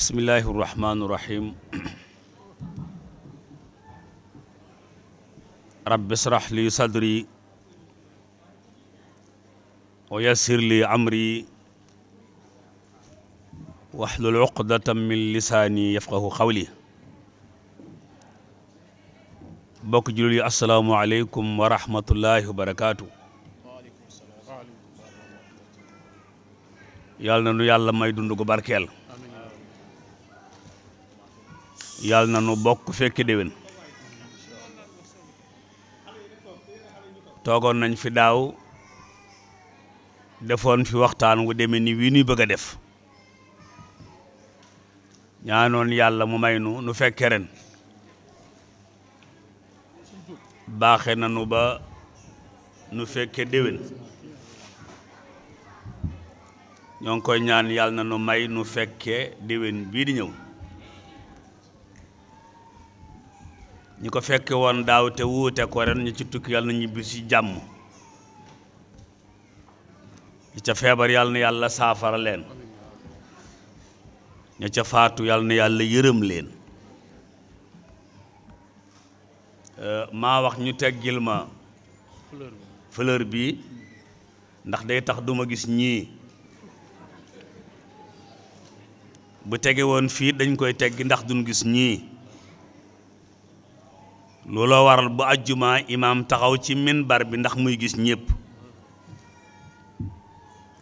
bismillahi irrahmani irrahim rabbi israh li sadri wa yassir li amri wahlul uqdatan min lisaani yafqahu qawli bokk julul yi asalaamualeykum wa rahmatullahi wa barakaatu yàlla na nu yàlla may dund gu barkeel yàlla na nu bokk fekki déwén toogoon nañ fi daaw defoon fi waxtaan wu demee ni wii nuy bëgg a def ñaanoon yàlla mu may nu nu fekke ren baaxe nanu ba nu fekke déwén ñoo ngi koy ñaan yàlla na nu may nu fekke déwén bii di ñëw ñi ko fekke woon daaw te wuute ko ren ci tukki yàlla na ñibbi jàmm ñi ca feebar yàlla yàlla saafara leen ñu ca faatu yàlla yàlla yërëm leen euh, maa wax ñu teggil ma fleur bi ndax day tax duma gis ñii bu tege woon fii dañ koy teggi ndax duñ gis ñii looloo waral bu ajjuma imaam taxaw ci minbar bi ndax muy gis ñépp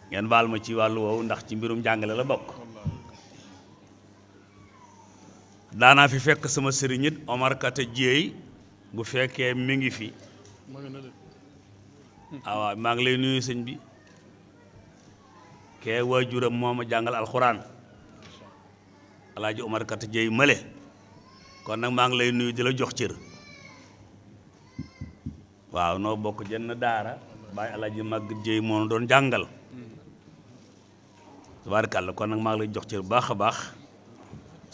ngeen baal ma ci wàllu wow ndax ci mbirum jàngale la bokk daanaa fi fekk sama sëriñit Omar Kata Dieye bu fekkee mi ngi fi waaw maa ngi lay nuyu sëñ bi kee waajuram moo ma jàngal alxuraan alaaji Omar Kata Dieye male kon nag maa ngi lay nuyu di la jox cër waaw noo bokk jenn daara bàyyi alaaji mag jéy moo doon jàngal tabaarkàlla kon nag maa ngi lay jox cër baax a baax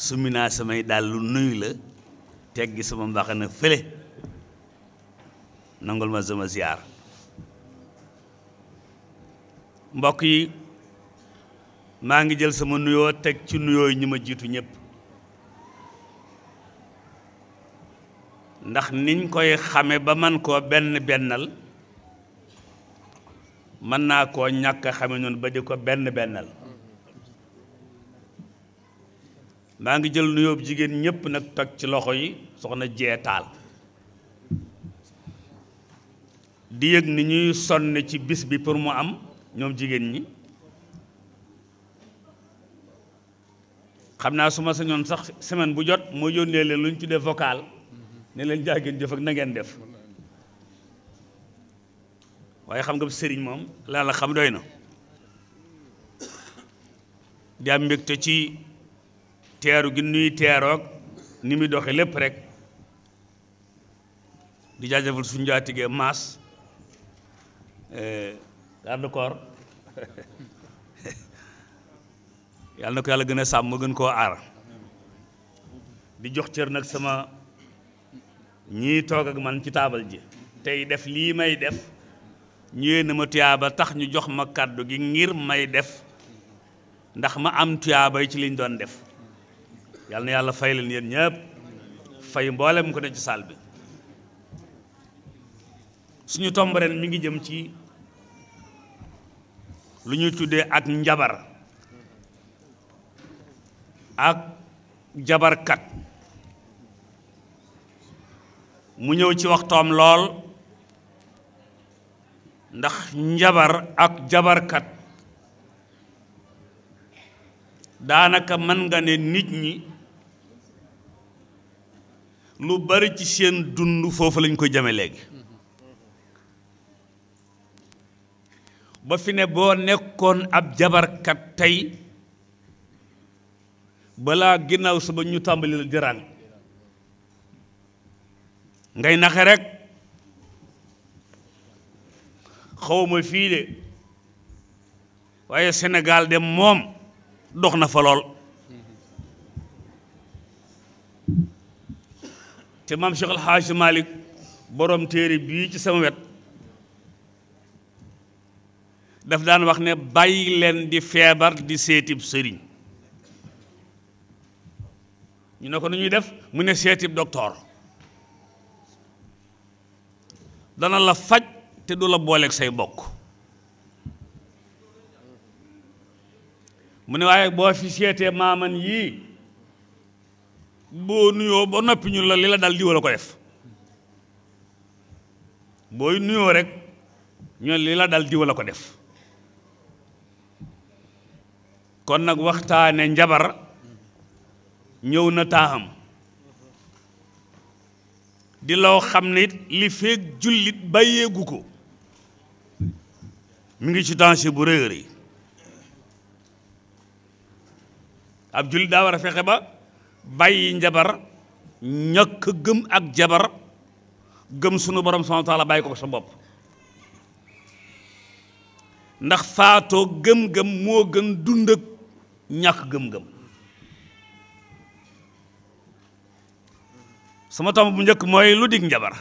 summi naa samay daal lu nuyu la teggi sama mbaxana fële nangul ma sama ziyaar mbokk yi maa ngi jël sama nuyoo teg ci nuyoo ñu ma jiitu ñëpp ndax niñ koy xame ba man koo benn bennal mën naa koo ñàkk a xame noonu ba di ko benn bennal maa ngi jël nuyoo jigéen ñépp nag toj ci loxo yi soxna jeetaal di yëg ni ñuy sonn ci bis bi pour mu am ñoom jigéen ñi xam naa su ma sañoon sax semaine bu jot moo yónnee leen lu ñu tuddee vocal ne leen jaageen jëf ak na ngeen def waaye xam nga sëriñ moom laa la xam doy na di am mbégte ci teeru gi nuy teeroog ni muy doxe lépp rek di jaajëfal suñ jaatigee maas eh, garde du corps yàlla na ko yàlla gën a sàmm gën koo aar di jox cër nag sama ñii toog ak man ci taabal ji tey def lii may def ñu yéene ma tuyaaba tax ñu jox ma kàddu gi ngir may def ndax ma am tuyaaba yi ci liñ doon def yal na yàlla fay leen yéen ñëpp fay mboolem ko ne ci saal bi suñu tomb ren mi ngi jëm ci lu ñuy tuddee ak njabar ak jabarkat mu ñëw ci waxtoom lool ndax njabar ak jabarkat daanaka mën nga ne nit ñi lu bari ci seen dund foofu lañu ko jame léegi ba fi ne boo nekkoon ab jabarkat tey balaa ginnaaw ba ñu tàmbali la jaraan ngay naxe rek xawma fii de waaye Sénégal dem moom dox na fa lool te maam Cheikh El Hadj Malick borom téere bii ci sama wet daf daan wax ne bàyyi leen di feebar di seetib sëriñ ñu ne ko nu ñuy def mu ne seetib doktoor dana la faj te du la booleeg say bokk mu ne waaye boo fi seetee maaman yii boo nuyoo ba noppi ñu la li la dal diwa la ko def booy nuyoo rek ñoo li la dal diwal a ko def kon nag waxtaane njabar ñëw na taaxam di loo xam ne li feeg jullit bàyyeegu ko mu ngi ci danger bu rëy a rëy ab jullit daa war a fexe ba bàyyi njabar ñàkk gëm ak jabar gëm sunu borom subhaanahu wa taala bàyyi ko sa bopp ndax faatoo gëm-gëm moo gën dund ak ñàkk gëm-gëm sama tomb bu njëkk mooy lu dig njabar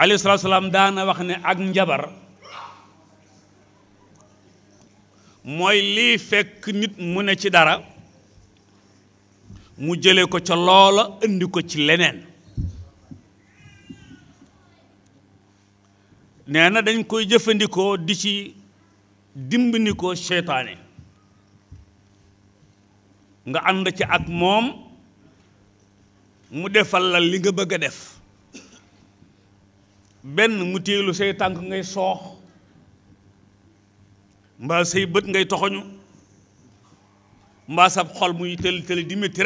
alayhi salaam daana wax ne ak njabar mooy lii fekk nit mu ne ci dara mu jële ko ca loola indi ko ci leneen nee na dañ koy jëfandikoo di ci dimbandikoo seytaane nga ànd ci ak moom mu defal la li nga bëgg a def benn mu téelu say tànk ngay soox mbaa say bët ngay toxoñu mbaa sab xol muy tëli tëli di métti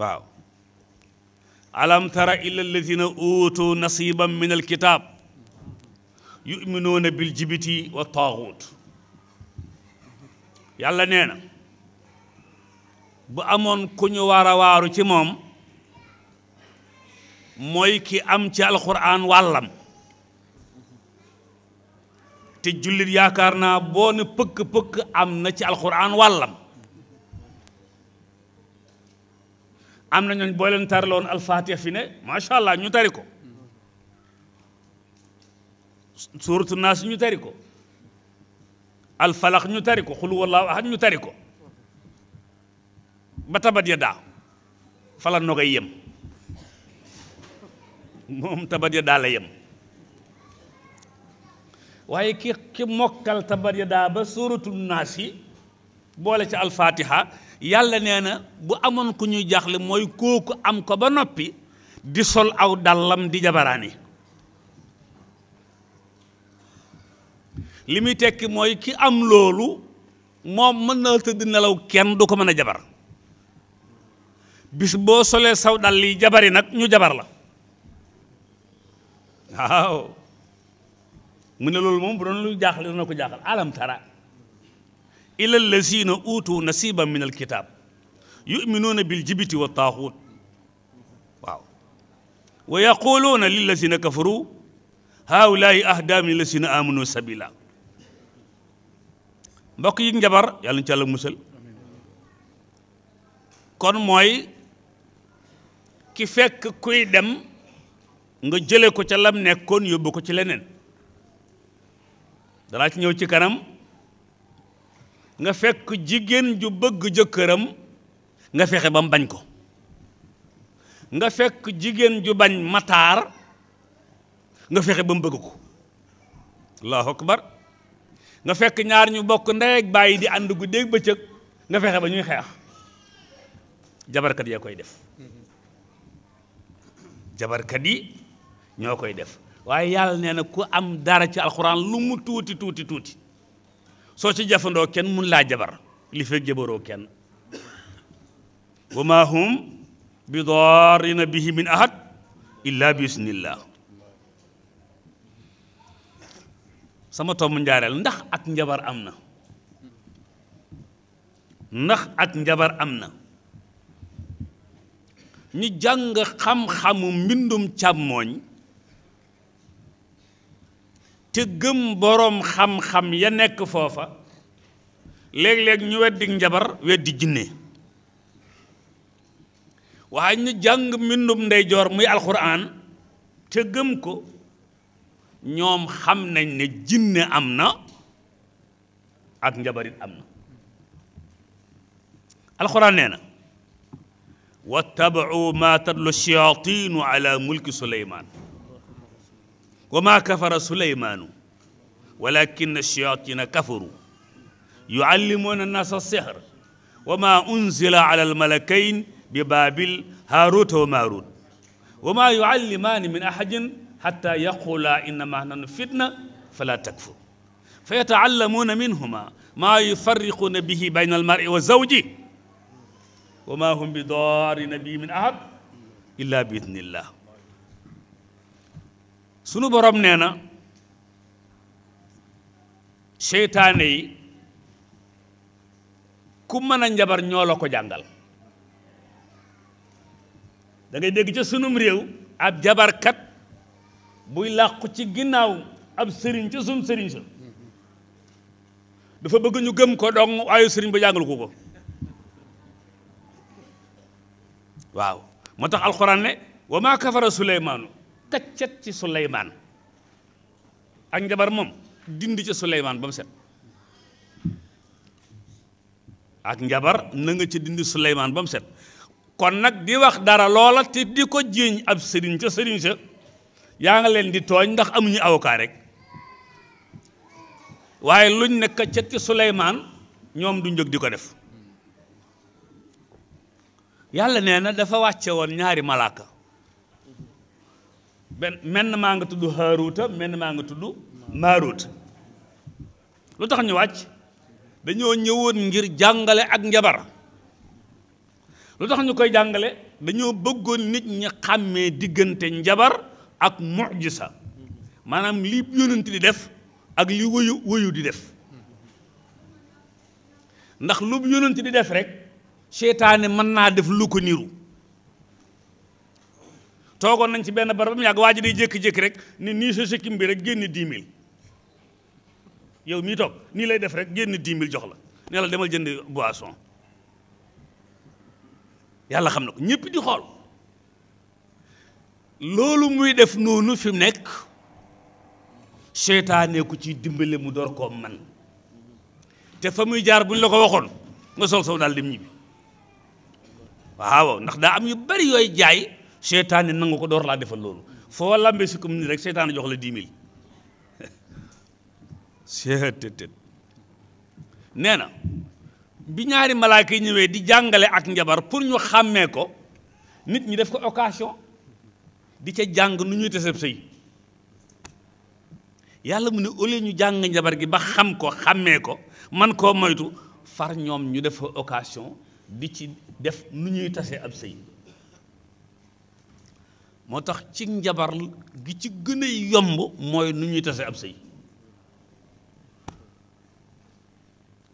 waaw alam tara ila alladina uutu nasiban min alkitab yuminuuna bil jibiti wa taaxuut yàlla nee na bu amoon ku ñu war waaru ci moom mooy ki am ci alxuraan wàllam te jullit yaakaar naa boo ne pëkk-pëkk am na ci alxuraan wàllam am na ñooñ boo leen tarloon alfaatiha fi ne macha allah ñu tari ko suuratu naas ñu tari ko alfalax ñu tari ko xul wallaahu ahad ñu tari ko ba tabat ya daa fala nogay yem moom tabat ya la yem waaye ki ki mokkal tabat daa ba suuratul naasi boole ci alfaatiha yàlla nee na bu amoon ku ñuy jaaxle mooy kooku am ko ba noppi di sol aw dàllam di jabaraani li muy tekki mooy ki am loolu moom mën na tëdd nelaw kenn du ko mën a jabar bis boo solee saw dal yi jabari nag ñu jabar la waaw mu ne loolu moom bu doon lu jaaxle dana ko jaaxal alam tara ila lazina uutu nasiban min alkitab yuminuuna bil jibiti wa taaxuut waaw wa yaquluuna lillazina kafaru haulaai ahda min lazina amanu mbokk yi njabar yàlla na ci yàlla musal kon mooy ki fekk kuy dem nga jële ko ca lam nekkoon yóbbu ko ci leneen danaa ci ñëw ci kanam nga fekk jigéen ju bëgg jëkkëram nga fexe ba mu bañ ko nga fekk jigéen ju bañ mataar nga fexe ba mu bëgg ko allahu akbar nga fekk ñaar ñu bokk ndey ak bàyyi di ànd guddeeg bëccëg nga fexe ba ñuy xeex jabarkat yee koy def jabarkat yi ñoo koy def waaye yàlla nee na ku am dara ci alxuraan lu mu tuuti tuuti tuuti soo ci jafandoo kenn mun laa jabar li fekk jabaroo kenn wa maa hum bi daarrina bihi min ahad illa bi sama tomb njaareel ndax ak njabar am na ndax ak njabar am na ñu jàng xam-xamu mbindum càmmooñ te gëm boroom xam-xam ya nekk foofa léeg-léeg ñu weddi njabar weddi jinne waaye ñu jàng mbindum ndeyjoor muy alxuraan te gëm ko ñoom xam nañ ne jinne am na ak njabarit am na alxuraan nee na wattabau ma tatlu shayaatinu ala mulki suleymaan wa ma kafara suleymaanu walakin shayaatina kafaru yuallimuuna nnaasa sihr wa ma unzila ala almalakayn bi baabil haaruuta wa maaruut wa ma yuallimaani min ahadin xatta yaqula innama nanu fitna fala takfur fa yataallamuuna minhuma maa yufarriquuna bihi bayna almari wa zawji wa ma hum bi daarina bii min ahad illa bi idnillah sunu borom nee na seytaane yi ku mën a njabar ñoo la ko jàngal da ngay dégg ca sunum réew ab jabarkat buy làqu ci ginnaaw ab sëriñ ca sun sëriñ sa dafa bëgg ñu gëm ko dong waaye sëriñ ba jàngal ko ko waaw moo tax alxuraan ne wa maa kafara suleymaanu kaccat ci suleymaan ak njabar moom dindi ci suleymaan ba mu set ak njabar nanga ci ca dindi suleymaan ba mu set kon nag di wax dara loola te di ko jiiñ ab sëriñ ca sëriñ sa yaa nga leen di tooñ ndax amuñu avocat rek waaye luñ nekk ca ci Suleymaan ñoom duñ jóg di ko def yàlla nee na dafa wàcce woon ñaari malaaka benn menn maa nga tudd Haaruuta menn maa nga tudd Maaruuta lu tax ñu wàcc dañoo ñëwoon ngir jàngale ak njabar lu tax ñu koy jàngale dañoo bëggoon nit ñi xàmmee diggante njabar ak mujisa maanaam li yónent di def ak li wëyu wëyu di def ndax lu yónent di def rek seytaane mën naa def lu ko niru toogoon nañ ci benn barab ba mu yàgg waa ji day jékki rek ni nii sa sikkim bi rek génn dix mille yow mii toog nii lay def rek génn dix mille jox la ne la demal jënd boisson yàlla xam na ko ñëpp di xool loolu muy def noonu fi nekk seytaane ku ci dimbale mu door koo man te fa muy jaar buñ la ko waxoon nga sol sow daal dem ñibbi waaw ndax daa am yu bari yooy jaay seytaane nangu ko door laa defal loolu foo lambee si commune rek seytaane jox la dix mille nee na bi ñaari malaaka yi ñëwee di jàngale ak njabar pour ñu xàmmee ko nit ñi def ko occasion di ca jàng nu ñuy taseb sëy yàlla mu ne au lieu ñu jàng njabar gi ba xam ko xàmmee ko man koo moytu far ñoom ñu def occasion di ci def nu ñuy tasee ab sëy moo tax ci njabar gi ci gën a yomb mooy nu ñuy tasee ab sëy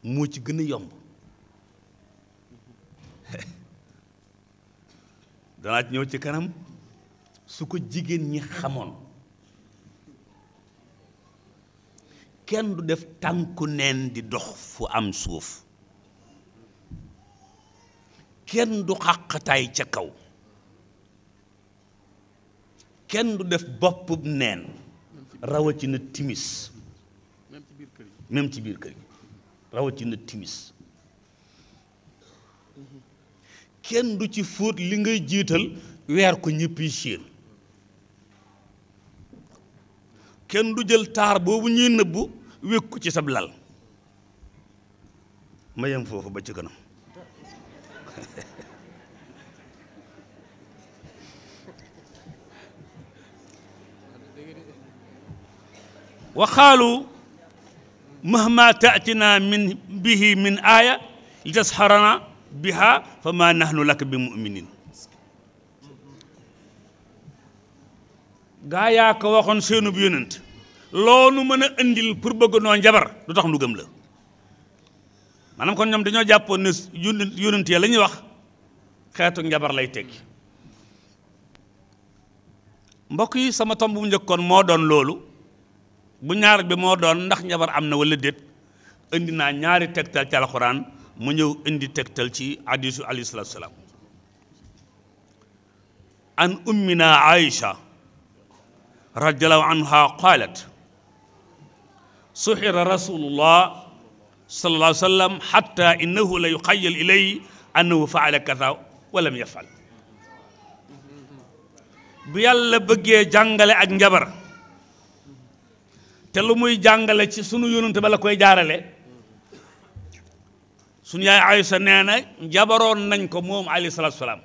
moo ci gën a yomb danaa ñëw ci kanam su ko jigéen ñi xamoon kenn du def tànku neen di dox fu am suuf kenn du xàqataay ca kaw kenn du def bopp neen rawatina timis même ci biir kër rawatina timis kenn du ci fóot li ngay jiital weer ko ñëpp yi siin kenn du jël taar boobu ñuy nëbbu wékk ko ci sab lal ma yem foofu ba ci kanam waxaalu mahma taatina min bihi min aaya li tasxarana biha fa ma nahnu lak bi muminin gaa yaa ko waxoon seenub yonent loolu mën a indil pour bëgg noo njabar du tax nu gëm la maanaam kon ñoom dañoo jàppoon ne yonent ya la ñuy wax xeetu njabar lay teg mbokk yi sama tomb bu njëkkoon moo doon loolu bu ñaar bi moo doon ndax njabar am na walla déet indi naa ñaari tegtal ci alxuraan mu ñëw indi tegtal ci hadiisu alayhi salaatu salaam an ummina Aïcha radiallahu anha qaalat suxira rasulullah sallallahu alayhi wa sallam xatta innahu la yuxayal ilay annahu faala kaza wa lam yafal bu yàlla bëggee jàngale ak njabar te lu muy jàngale ci sunu yónante ba la koy jaarale sunu yaay Aysa nee na njabaroon nañ ko moom alayhi salaatu salaam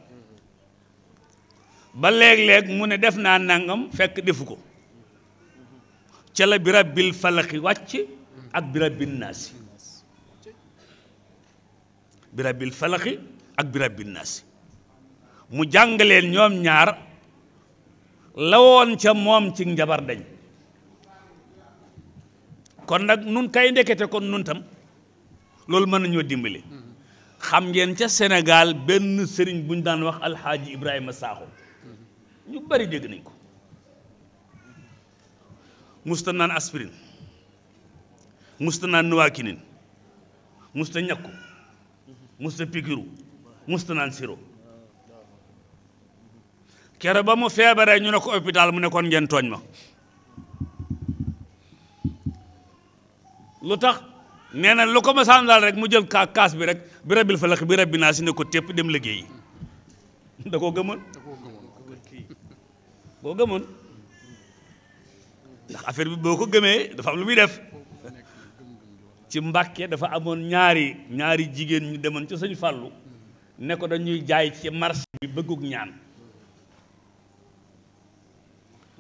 ba léeg-léeg mu ne def naa nangam fekk defu ko ca la bi rabbil falaxi wàcc ak bi rabbin naasi bi rabbil falaxi ak bi rabbin mu jàngaleen ñoom ñaar lawoon ca moom ci njabar dañ kon nag nun kay ndekete kon nun tam loolu mën nañoo dimbali mm-hmm. xam ngeen ca Sénégal benn sëriñ bu ñu daan wax alxaaji Ibrahima Sakho ñu bari dégg nañ ko musta naan aspirine musta naan nuwaakinin musta ñakku musta pikiru musta naan siro kere ba mu feebaree ñu ne ko hôpital mu nekkoon ngeen tooñ ma lu tax nee na lu ko ma saan rek mu jël kaas bi rek bi rabbil falaq bi rabbi naa si ne ko tépp dem liggéeyi da koo gëmoon boo gëmoon ndax affaire bi boo ko gëmee dafa am lu muy def ci mbàkke dafa amoon ñaari ñaari jigéen ñu demoon ci suñu fàllu ne ko dañuy jaay ci marché bi bëgguk ñaan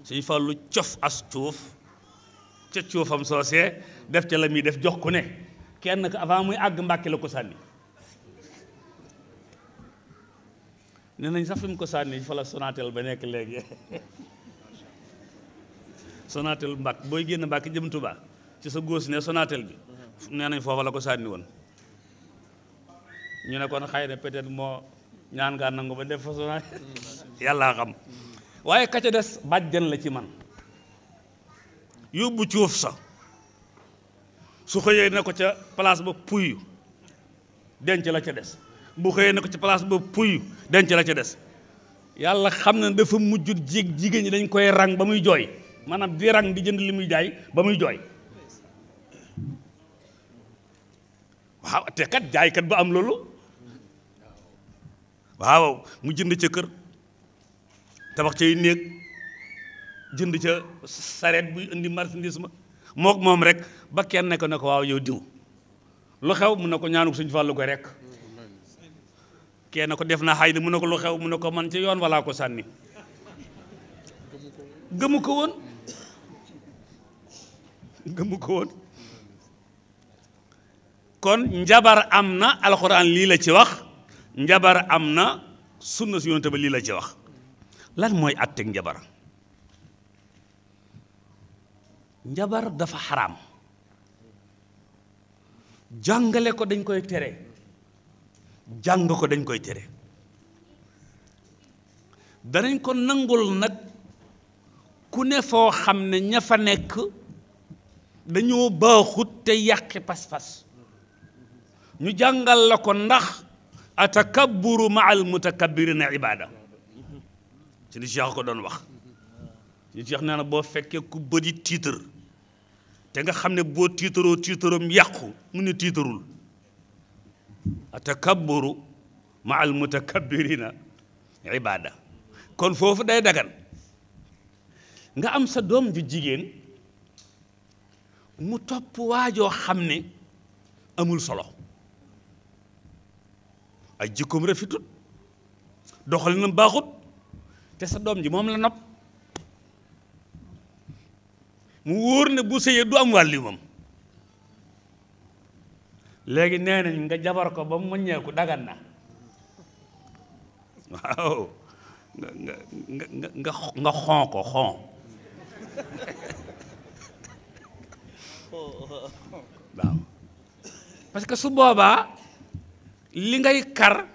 sëñ fàllu cof as cuuf ca cuufam soose def ca la muy def jox ku ne kenn ko avant muy àgg mbàkke la ko sànni nee nañ sax fi ko sànni fa la Sonatel ba nekk léegi Sonatel Mbàkke booy génn Mbàkke jëm Tuubaa ci sa góor si ne sonaateel bi nee nañ foofa la ko sànni woon ñu ne kon xëy na peut-être moo ñaan ngaa nangu ba def fa Sonatel yàllaa xam waaye ka ca des bàjjan la ci man yóbbu cuuf sa su xëyee na ko ca place ba puy denc la ca des bu xëyee na ko ci place ba puy denc la ca des yàlla xam na dafa mujj jég jigéen ñi dañ koy rang ba muy jooy maanaam di rang di jënd li muy jaay ba muy jooy waaw te kat jaaykat ba am loolu waaw mu jënd ca kër tabax cay néeg jënd ca sareet buy indi marchandise ma mook moom rek ba kenn ne ko ne ko waaw yow diw lu xew mun na ko ñaanu ko suñu fàllu ko rek kee na ko def na xay di mu ne ko lu xew mu ne ko man ci yoon walaa ko sànni gëmu ko woon gëmu ko woon kon njabar am na alxuraan lii la ci wax njabar am na sunna si yonent ba lii la ci wax lan mooy àtteeg njabar njabar dafa xaraam jàngale ko dañ koy tere jàng ko dañ koy tere danañ ko nangul nag ku ne foo xam ne ña fa nekk dañoo baaxut te yàqi pas-pas ñu jàngal la ko ndax atakabburu ma al mutakabbirina ibada suñu cheikh ko doon wax suñu cheikh nee na boo fekkee ku bëri tiitar te nga xam ne boo tiitaroo tiitaram yàqu mu ne tiitarul atakabburu ma al mutakabbirina ibada kon foofu day dagan nga am sa doom ju jigéen mu topp waajoo xam ne amul solo ay jikkoom rafetut doxalinam baaxut te sa doom ji moom la nopp mu wóor ne bu sëyee du am wàlliwam léegi nee nañ nga jabar ko ba mu muññeeku dagan na waaw nga nga nga nga xon ko xon waaw que su boobaa li ngay kar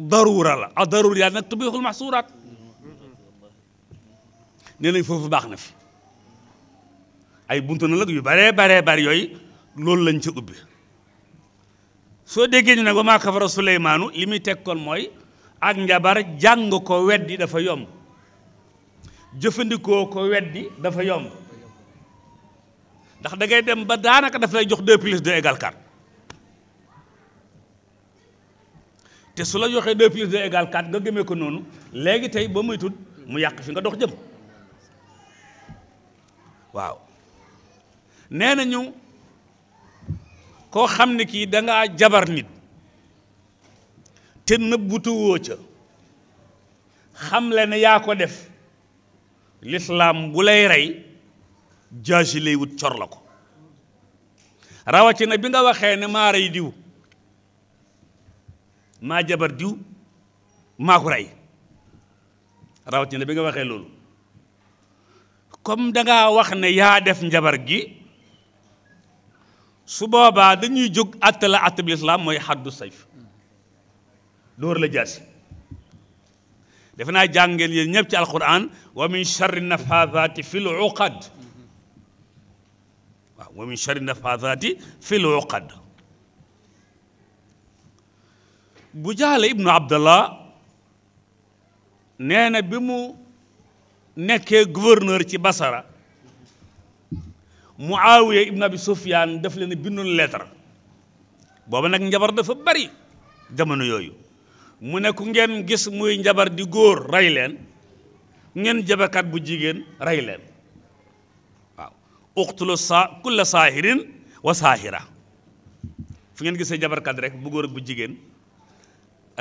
daruura la a daruriyaat nag tubixul maxsuuraat nee nañ foofu baax na fi ay buntu na lag yu baree baree bari yooyu loolu lañ ci ubbi soo déggee ñu ne wa maa kafara suleymaanu li muy teg kon mooy ak njabar jàng ko weddi dafa yomb jëfandikoo ko weddi dafa yomb ndax dangay dem ba daanaka dafay jox deux plus deux égale quatre te su la joxee deux plus deux égale quatre nga gëmee ko noonu léegi tey ba muy tudd mu yàq fi nga dox jëm waaw nee nañu koo xam ne kii dangaa jabar nit te nëbbutuwoo ca xam le ne yaa ko def lislaam bu lay rey jaasi lay wut cor la ko rawatina bi nga waxee ne maa rey diw maa jabar diw maa ko rey rawatina bi nga waxee loolu comme danga wax ne yaa def njabar gi su boobaa dañuy jóg àtte la àtte bi lislaam mooy xaddu sayf dóor la jaasi defe naa jàngeen yéen ñëpp ci alquran wa min charri nafazaati fi l uqad waaw fi l uqad bu jaale ibnu abdallah nee na bi mu nekkee gouverneur ci basara muawiya ibn abi sufyaan def leen bindoon lettre booba nag njabar dafa bari jamono yooyu mu ne ku ngeen gis muy njabar di góor rey leen ngeen jabakat bu jigéen rey leen waaw uqtulu sa kulla saahirin wa saahira fu ngeen gisee jabarkat rek bu góor ak bu jigéen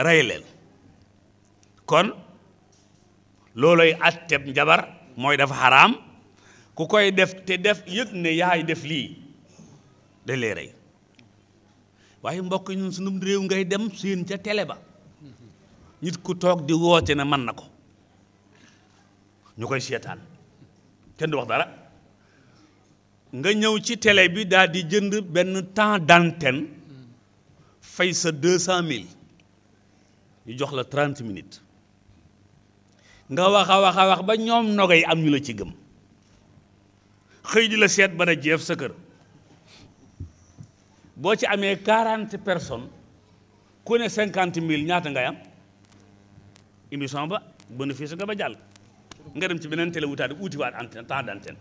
rey leen kon looloy atteb njabar mooy dafa xaraam ku koy def te def yëg ne yaay def lii da lay rey waaye mbokk ñun sunu réew ngay dem seen ca tele ba nit ku toog di woote na man na ko ñu koy seetaan kenn du wax dara nga ñëw ci tele bi daal di jënd benn temps danten fay sa deux cent mille ñu jox la trente minutes nga wax a wax a wax ba ñoom yi am ñu la ci gëm xëy di la seet ba ne jeef sa kër boo ci amee quarante personnes ku ne cinquante mille ñaata ngay am émission ba bénéfice nga ba jàll nga dem ci beneen télé wutaat uuti waat antenne temps d'antenne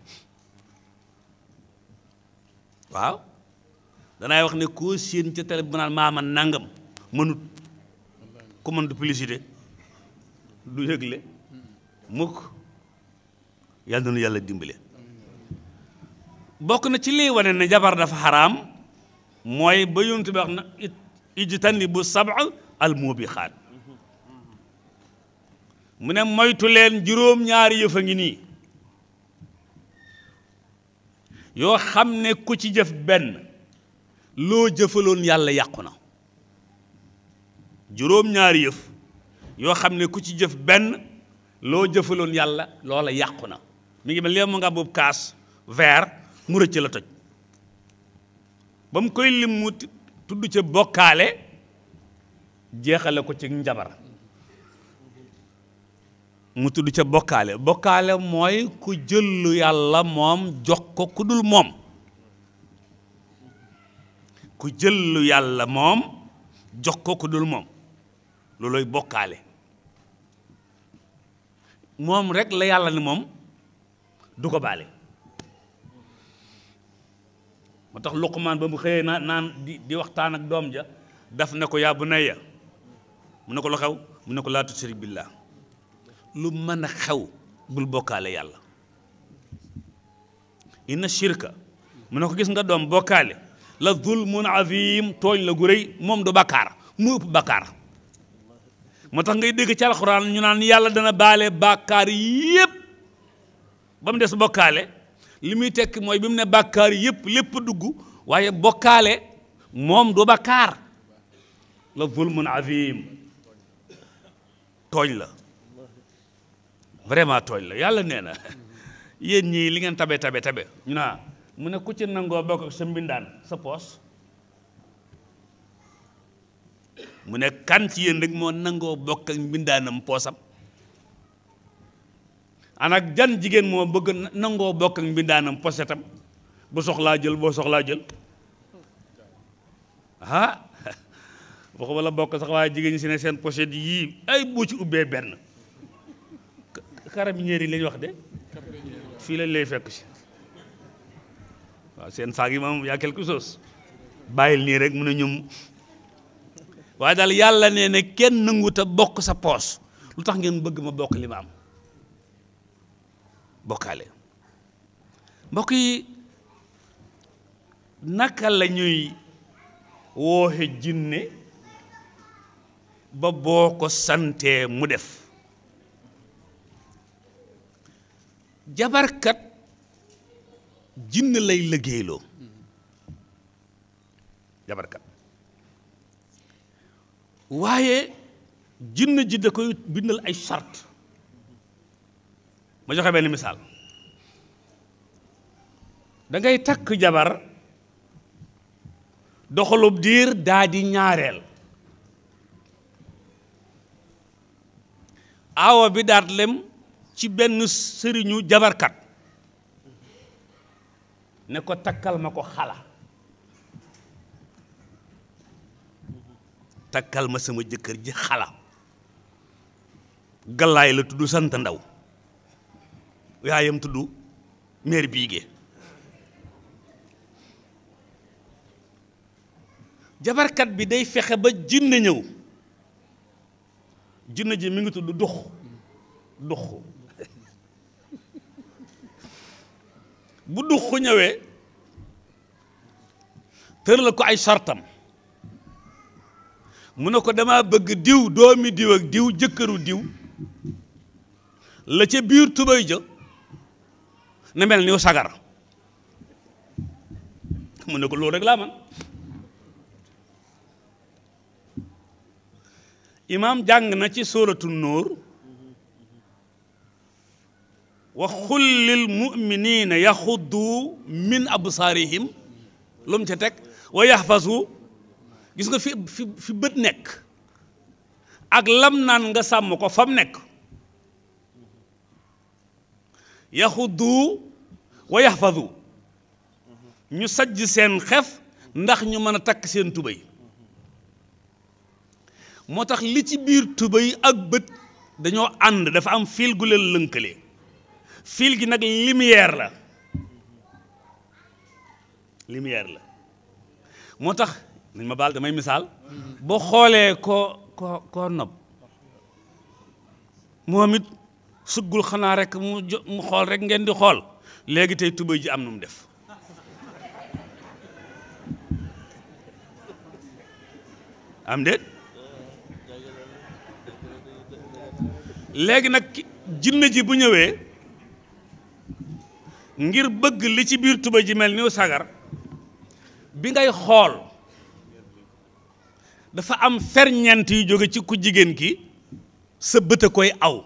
waaw danaay wax ne koo séen ca télé bi naan maama nangam mënut ku mën du publicité du yëgle mukk yàlla na nu yàlla dimbale bokk na ci lii wane ne jabar dafa xaraam mooy ba yonent bi wax na ijtanibu sab'a al mubixaat mu ne moytu leen juróom-ñaari yëf a ngi nii yoo xam ne ku ci jëf benn loo jëfaloon yàlla yàqu na juróom yëf yoo xam ne ku ci jëf benn loo jëfaloon yàlla loola yàqu na mi ngi mel léegi mu nga boobu kaas verre mu rëcc la toj ba mu koy lim mu tudd ca bokkaale jeexale ko ci njabar mu tudd ca bokkaale bokkaale mooy ku jël lu yàlla moom jox ko ku dul moom lu yàlla moom jox bokkaale moom rek la yàlla ni moom du ko baale moo tax Luqmaan ba mu xëyee naan naan di di waxtaan ak doom ja daf ne ko yaa bunayya mu ne ko la xew mu ne ko laa tushrik billaah lu mën a xew bul bokkaale yàlla inna shirka mu ne ko gis nga doom bokkaale la zulmun azim tooñ la gu moom du bakkaar mu ëpp bakkaar moo tax ngay dégg ci alxuraan ñu naan yàlla dana baale bakkaar yépp ba mu des bokkaale li muy tekk mooy bi mu ne bàkkaar yépp lépp dugg waaye bokkaale moom du bàkkaar la zulmun azim tooñ la vraiment tooñ la yàlla nee na yéen ñi li ngeen tabe tabe tabe ñu naa mu ne ku ci nangoo bokk ak sa mbindaan sa poos mu ne kan ci yéen rek moo nangoo bokk ak mu poosam ana jan jigéen moo bëgg nangoo bokk ak mbindaanam posetam bu soxlaa jël boo soxlaa jël ah waxuma la bokk sax waaye jigéen ñi si ne seen pochette yii ay boo ci ubbee benn carabinieri yi lañ wax de fii lañ lay fekk si waaw seen saag yi moom yaa quelque chose bàyyil nii rek mun a ñum waaye daal yàlla nee ne kenn nanguta bokk sa poos lu tax ngeen bëgg ma bokk li am bokkaale mbokk yi naka lañuy ñuy wooxe jinne ba boo ko santee mu def jabarkat jinne lay liggéeyloo jabarkat waaye jinne ji da koy bindal ay sart ma joxe benn misaal dangay takk jabar doxalub diir daadi ñaareel aawa bi daat lem ci benn sëriñu jabarkat ne ko takkal ma ko xala takkal ma sama jëkkër ji xala gallaay la tudd sant ndaw yaayam tudd mère biige jabarkat bi day fexe ba jinne ñëw jinne ji mi ngi tudd dux dux bu dux ñëwee tëral ko ay sartam mu ne ko dama bëgg diw doomi diw ak diw jëkkëru diw la ca biir tubéy ja na mel niw sagar mu ne ko loolu rek laa man imaam jàng na ci sóoratu nóor wa xul lil muminina yaxuddu min absaarihim lu mu ca teg wa yaxfasu gis nga fi fi fi bët nekk ak lam naan nga sàmm ko fam nekk yaxuddu wa yaxfadu ñu sajj seen xef ndax ñu mën a takk seen tubéy moo tax li ci biir tubéy ak bët dañoo ànd dafa am fil gu leen lënkale fiil gi nag lumière la lumière la moo tax nañ ma baal damay misaal boo xoolee koo koo koo nopp moom it suggul xanaa rekk mu mu xool rek ngeen di xool léegi tey tubéy ji am nu mu def am déet léegi nag jinne ji bu ñëwee ngir bëgg li ci biir tubéy ji mel niw sagar bi ngay xool dafa am ferñent yu jóge ci ku jigéen ki sa bët a koy aw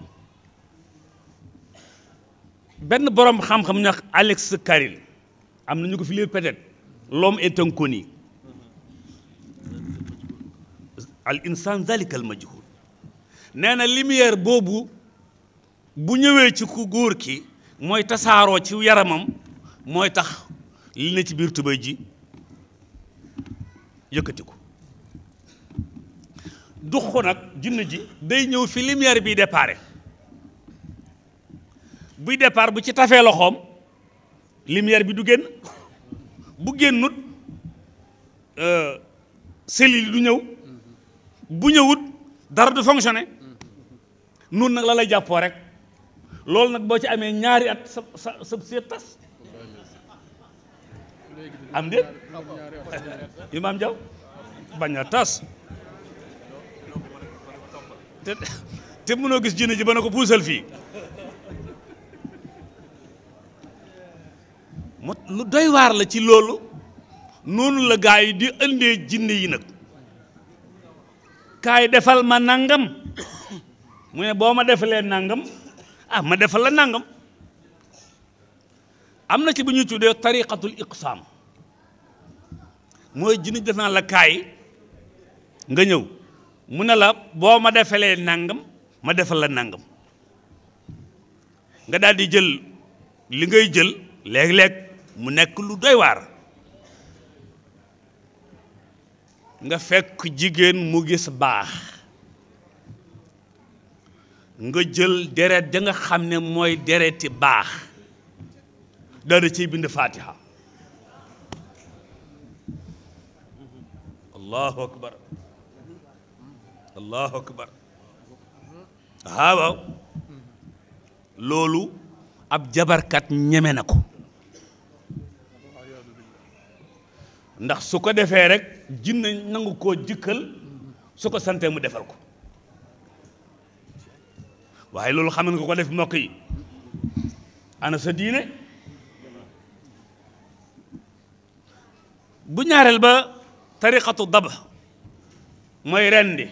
benn borom xam-xam ñu wax Alex Carrel am na ñu ko fi lire peut-être l'homme est inconnu al insan zalika al majhul nee na lumière boobu bu ñëwee ci ku góor ki mooy tasaaroo ci yaramam mooy tax li ne ci biir tubéy ji yëkkati ko dux ko nag jinn ji day ñëw fi lumière bi déparé buy départ bu ci tafee loxoom lumière bi du génn bu génnut euh, cellule du ñëw bu ñëwut dara du fonctionner noonu nag la lay jàppoo rek loolu nag boo ci amee ñaari at sa sa sa seet tas am déet imaam Jaw bañ a tas te te mënoo gis jinne ci ba ko puusal fii mu lu doy waar la ci loolu noonu la gaa yi di indee jinne yi nag kaay defal ma nangam mu ne boo ma defalee nangam ah ma defal la nangam am na ci bu ñu tuddee tariqatul iqsaam mooy jinne def naa la kaay nga ñëw mu ne la boo ma defalee nangam ma defal la nangam nga daal jël li ngay jël léeg-léeg mu nekk lu doy waar nga fekk jigéen mu gis baax nga jël deret da nga xam ne mooy dereti baax dara ciy bind faatiha allahu akbar allahu akbar waaw loolu ab jabarkat ñeme na ko ndax su ko defee rek jinne nangu koo jikkal su ko santee mu defal ko waaye loolu xam nga ko def mbokk yi ana sa diine bu ñaareel ba tariqatu daba mooy rendi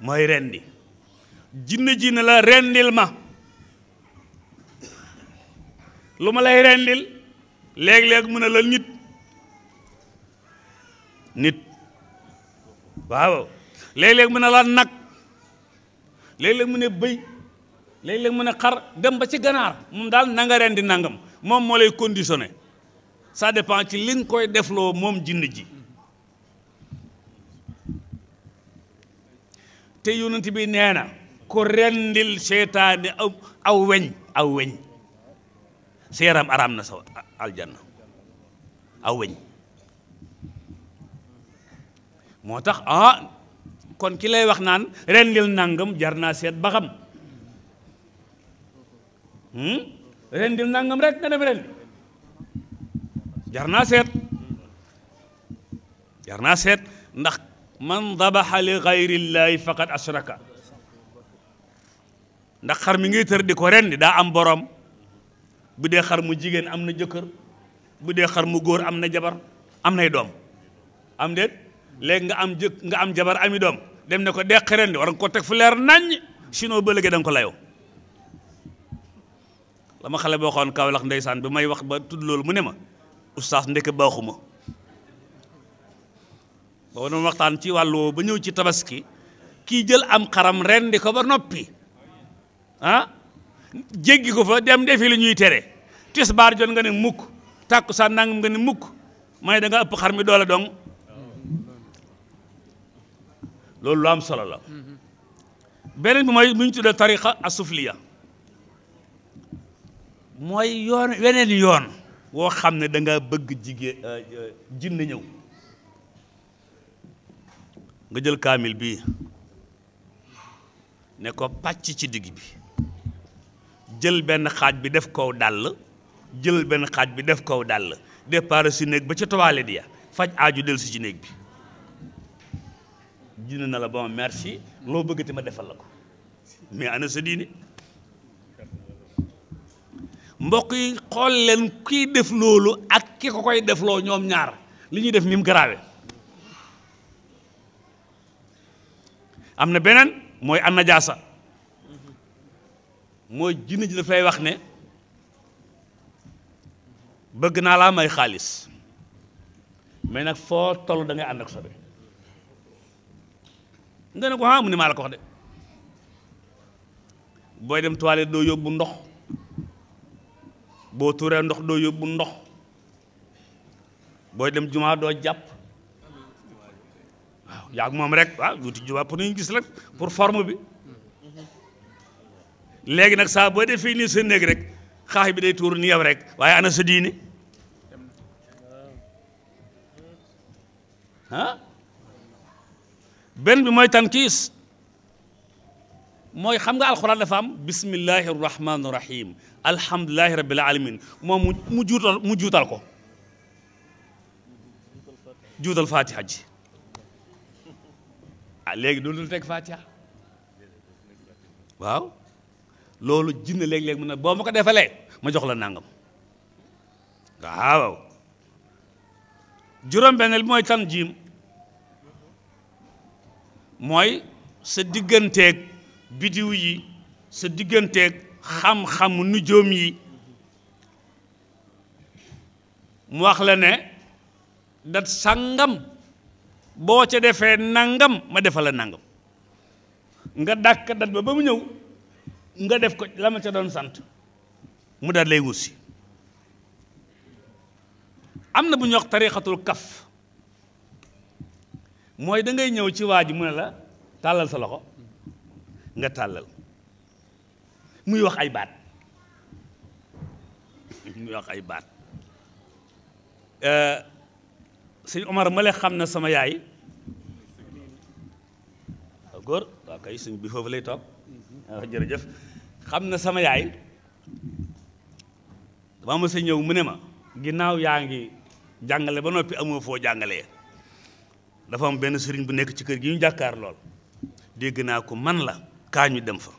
mooy rendi jinne ji ne la rendil ma lu ma lay rendil léeg-léeg mu ne la nit nit waaw léeg-léeg mu ne la nag léeg-léeg mu ne bëy léeg-léeg mu ne xar dem ba ci ganaar moom daal nanga ren di nangam moom moo lay conditionné ça dépend ci li nga koy defloo moom jinn ji te yonent bi nee na ko rendil seytaane aw aw weñ aw weñ sa araam na sa aljanna aw weñ moo tax ah kon ki lay wax naan rendil nangam jar naa seet ba xam hmm? rendil nangam rek nga dem rendi jar naa seet jar naa seet ndax man dabaxa li gayrillaahi faqad ashraka ndax xar mi ngi tër di ko rendi daa am boroom bu dee xar mu jigéen am na jëkkër bu dee xar mu góor am na jabar am nay doom am déet léegi nga am jëkk nga am jabar ami doom dem ne ko deqi ren di war nga ko teg fu leer naññ sinon ba léegi da ko layoo la ma xale boo xawoon Kaolack ndeysaan bi may wax ba tudd loolu mu ne ma oustaz ndeke baaxuma boobu dama waxtaan ci wàllu ba ñëw ci tabaski kii jël am xaram ren di ko ba noppi ah jéggi ko fa dem defi li ñuy tere baar jot nga ne mukk tàkkusaan nangam nga ne mukk may da nga ëpp xar mi doole doom loolu lu am solo la beneen bi mooy bu ñu tuddee tariqa asufliya mooy yoon weneen yoon woo xam ne danga bëgg jigéen euh, euh, jinne ñëw nga jël kaamil bii ne ko pàcc ci digg bi jël benn xaaj bi def kow dàll jël benn xaaj bi def kow dàll départ si néeg ba ca toilette ya faj aaju del si ci néeg bi dina na la bon merci loo bëggati ma defal la ko mais ana sa diine mbokk yi xool leen kiy def loolu ak ki ko koy defloo ñoom ñaar li ñuy def ni mu garaawe am na beneen mooy an najaasa mooy jinne ji daf lay wax ne bëgg naa laa may xaalis mais nag foo toll da ngay ànd ak sobe nga ne ko ah mu ne maa la de booy dem toilette doo yóbbu ndox boo tuuree ndox doo yóbbu ndox booy dem jumaa doo jàpp waaw yaa moom rek waaw wuti jumaa pour ñu gis rek pour forme bi léegi nag saa boo def fii nii sa néeg rek xaax bi day tuur ni yaw rek waaye ana sa diine benn bi mooy tankiis mooy xam nga alxuraan dafa am bismillahi rahmaani rahim alhamdulilahi alamin moom mu mu juutal mu juutal ko juutal fatiha ji ah léegi dootul teg fatiha waaw loolu jinne léeg-léeg mu ne boo ma ko defale ma jox la nangam waaw juróom bi mooy tanjiim mooy sa digganteeg bidiw yi sa digganteeg xam-xam nujoom yi mu wax la ne dat sàngam boo ca defee nangam ma defal la nangam nga dàkk dat ba ba mu ñëw nga def ko la ma ca doon sant mu daal lay wussi am na bu ñuy wax tariqatul kaf mooy da ngay ñëw ci waa ji mu la tàllal sa loxo nga tàllal muy wax ay baat muy wax ay baat euh, sëñ Omar ma le xam na sama yaay waaw góor waaw kay foofu lay toog waaw xam na sama yaay dama ma sa ñëw mu ne ma ginnaaw yaa ngi jàngale ba noppi amoo foo jàngalee dafa am benn sëriñ bu nekk ci kër gi ñu jàkkaar lool dégg naa ko man la kaa ñu dem fa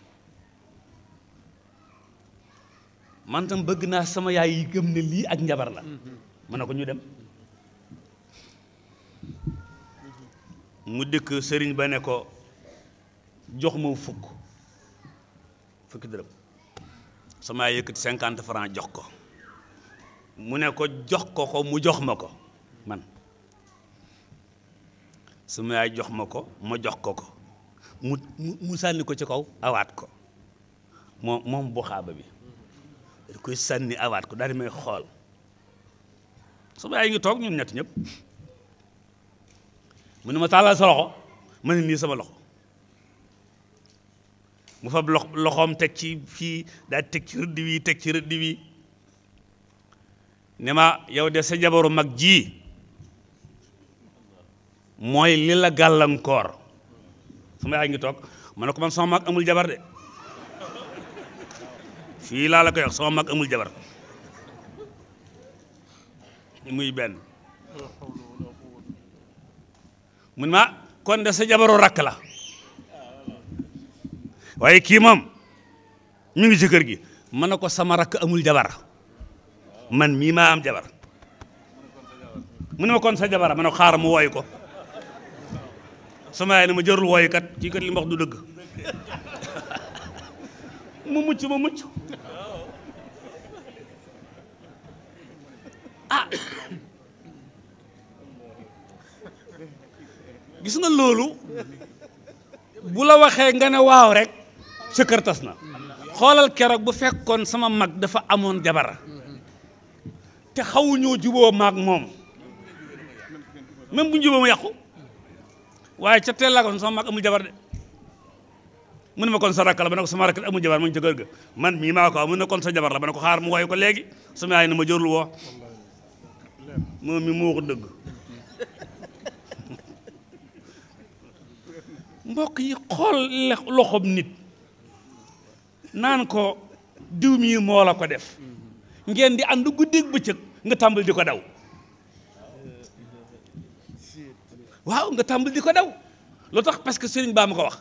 man tam bëgg naa sama yaay yi gëm ne lii ak njabar la ma ne ko ñu dem mu dikk sëriñ ba ne ko jox ma fukk fukki dërëm sama yëkkati cinquante franc jox ko mu ne ko jox ko ko mu jox ma ko man sama yaay jox ma ko ma jox ko ko mu mu sànni ko ci kaw awaat ko moom moom bu xaaba bi da koy sànni awaat ko daal di may xool sama yaay ngi toog ñun ñett ñëpp mu ne ma tàllal sa loxo ma ne nii sama loxo mu fab loxoom teg ci fii daal teg ci rëdd wi teg ci rëdd wi ne ma yow de sa jabaru mag jii mooy li la gàllankoor sama yaay ngi toog ma ne ko man sama mag amul jabar de fii laa la koy wax mag amul jabar muy benn mun ma kon de sa jabaru rakk la waaye kii moom ñu ngi kër gi mën na ko sama rakk amul jabar man mii maa am jabar mu ne kon sa jabar ma ne ko xaaral mu woy ko sama yaay ne ma jërul wooyi ci kii kat li ma du dëgg mu mucc ma mucc ah gis nga loolu bu la waxee nga ne waaw rek sa kër tas na xoolal keroog bu fekkoon sama mag dafa amoon jabara te xawuñoo juboo maag moom même bu ñu juboo ma yàqu waaye ca teel laa ko sama mag amul jabar de mu ne ma kon sa rakk la ma ne ko sama rakk amul jabar mu ngi ca man mii maa ko mu ne sa jabar la ma ne ko xaar mu woy ko léegi sama yaay ne ma jorlu woo mi mu waxu dëgg mbokk yi xool loxoom nit naan ko diw mii moo ko def ngeen di ànd guddeeg bëccëg nga tàmbali di ko daw waaw nga tàmbali di ko daw lu tax parce que sëriñ baa ma ko wax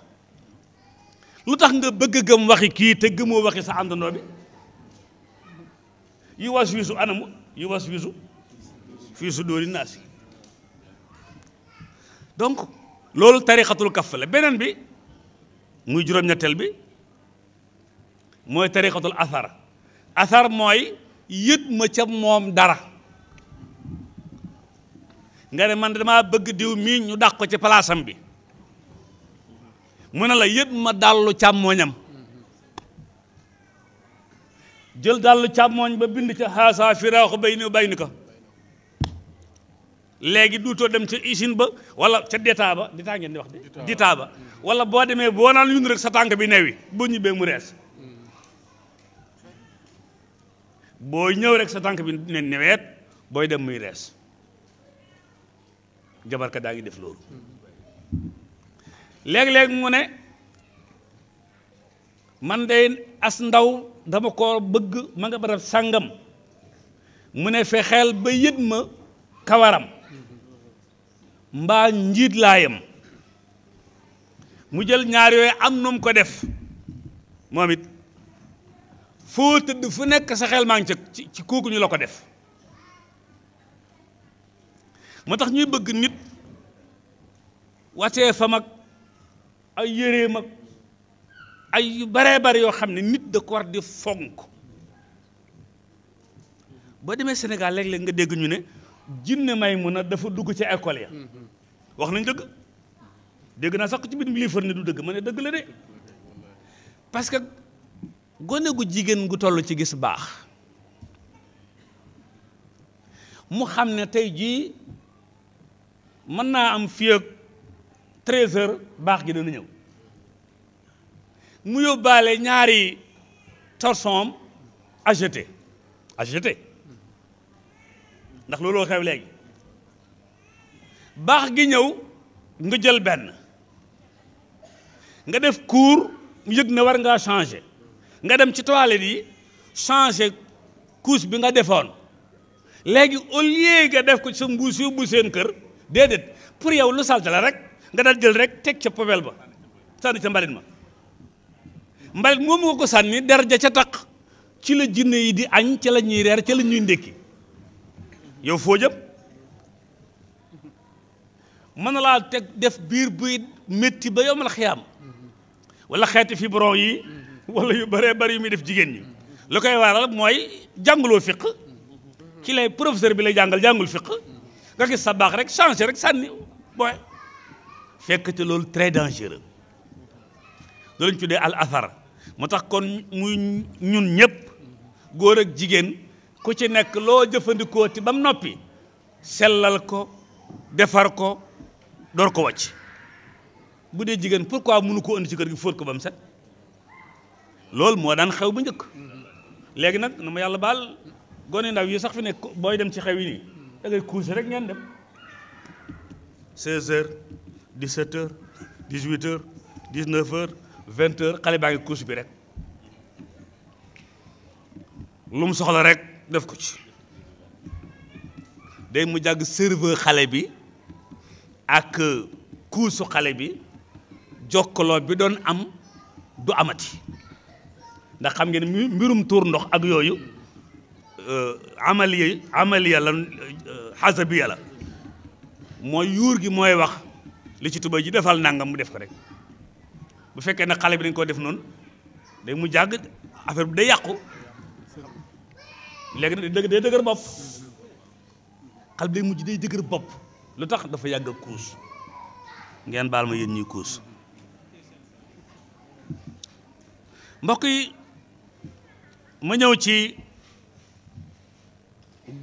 lu tax nga bëgg gëm waxi kii te gëmoo waxi sa àndandoo bi yu was wisu anamu yu was wisu fii su dóori naas yi donc loolu tarixatul kaf la beneen bi muy juróom-ñetteel bi mooy tarixatul asar asar mooy yët ma ca moom dara nga ne man damaa bëgg diw mii ñu daq ko ci palaasam bi mu ne la yëpp ma dàllu càmmooñam jël dàllu càmmooñ ba bind ca xaasa firaaxu bay ni bay ni ko léegi duutoo dem ca usine ba wala ca détat ba détat ngeen di wax de détat ba wala boo demee boo naan yun rek sa tànk bi newi boo ñibbee mu rees mm. boo ñëw rek sa tànk bi ne neweet booy dem muy rees jabarka daa ngi def loolu léeg-léeg mu ne man de as ndaw dama ko bëgg ma nga barab sàngam mu ne fexeel ba yët ma kawaram mbaa njiit laayam mu jël ñaar yooyu am num ko def moom it foo tëdd fu nekk sa xel maa ci ci kooku ñu la ko def moo tax ñuy bëgg nit watee fa mag ay yéree mag ay bare baree bari yoo xam ne nit da ko war di fonk boo demee Sénégal léeg-léeg nga dégg ñu ne jinne may mun a dafa dugg ci école ya wax nañ dëgg dégg naa sax ci biir liifar ni du dëgg ma ne dëgg la de parce que gone gu jigéen gu toll ci gis baax mu xam ne tey jii mën naa am fii ak 13 baax gi dana ñëw mu yóbbaale ñaari torsom à jeter ndax looloo xew léegi baax gi ñëw nga jël benn nga def cours yëg na war ngaa changer nga dem ci toilette yi changer couche bi nga defoon léegi au lieu nga def ko sa mbuus yóbbu seen kër déedéet pour yow lu salte la rek nga daal jël rek teg ca poubelle ba sànni ca mbalit ma mbalit moom nga ko sànni der ja ca taq ci la jinne yi di añ ca la ñuy reer ca la ñuy ndékki yow foo jëm mën na laa teg def biir buy métti ba yowmal xiyaam wala xeeti fibron yi wala yu bëree bëri yu muy def jigéen ñi lu koy waral mooy jànguloo fiq ci lay professeur bi lay jàngal jàngul fiq nga gis sa baax rek changé rek sànni booy fekk te loolu très dangereux loolu ñu tuddee al athar moo tax kon muy ñun ñëpp góor ak jigéen ku ci nekk loo jëfandikoo ti ba mu noppi sellal ko defar ko door ko wàcc bu dee jigéen pour pourquoi munu ko indi ci kër gi fóot ko ba mu set loolu moo daan xew bu njëkk léegi nag nu ma yàlla baal gone ndaw yi sax fi nekk booy dem ci xew yi nii da ngay rek ngeen dem 16 heures 17 heures 18 heures 19 heures vingt heures xale baa ngi couche bi rek lu mu soxla rek def ko ci day mu jàgg serveur xale bi ak kuusu xale bi jokkaloo bi doon am du amati ndax xam ngeen mbirum tuur ndox ak yooyu amaliya euh, amaliya la euh, xasabiya la mooy yuur gi mooy wax li ci tuba ji defal nangam mu def ko rek bu fekkee nag xale bi dañ koo def noonu day mu jàgg affaire bi day yàqu léegi nag day day dëgër bopp xale bi day mujj day dëgër bopp lu tax dafa yàgg a kuus ngeen baal ma yéen kuus mbokk ma ñëw ci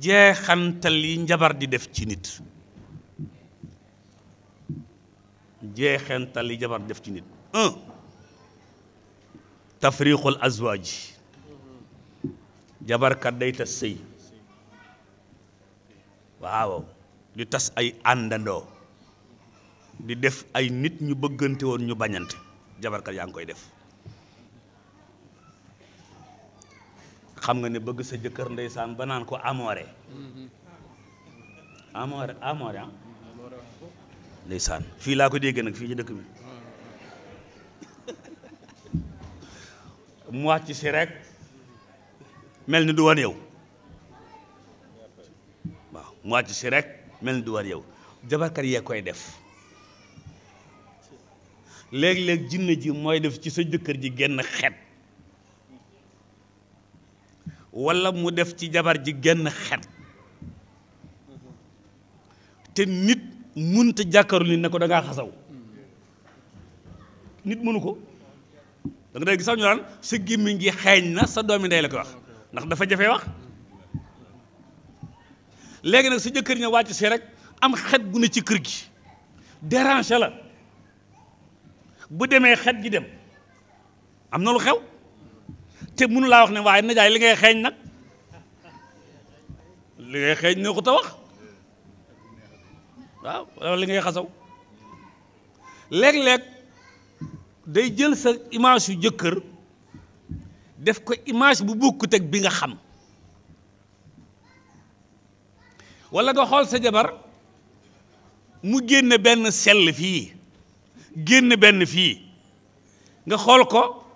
jeexantal yi njabar di def ci nit jeexantal yi def ci nit un tafriqul azwaaj jabarkat day tas sëy waaw di tas ay àndandoo di def ay nit ñu bëggante woon ñu bañante jabarkat yaa ngi koy def xam nga ne bëgg sa jëkkër ndeysaan ba naan ko amoore amoore amoore ah ndeysaan fii laa ko déggee nag fii ci dëkk bi mu wàcc si rek mel ni du woon yow waaw mu si rek mel ni du yow jabarkat yee koy def léeg-léeg jinne ji mooy def ci sa jëkkër ji genn xet walla mu def ci jabar ji genn xet te nit munta jàkkaru nit ne ko da ngaa xasaw nit mënu ko da nga day gis sax ñu sa gémmiñ gi xeeñ na sa doomi ndey la koy wax ndax dafa jafe wax léegi nag sa jëkkër ña wàcc si rek am xet gune ci kër gi dérange la bu demee xet gi dem am na lu xew te mënu laa wax ne waaye najaay li ngay xeeñ nag li ngay xeeñ ne ko ta wax waaw wala li ngay xasaw léeg-léeg day jël sa image yu jëkkër def ko image bu bokkut teg bi nga xam walla nga xool sa jabar mu génn benn sell fii génn benn fii nga xool ko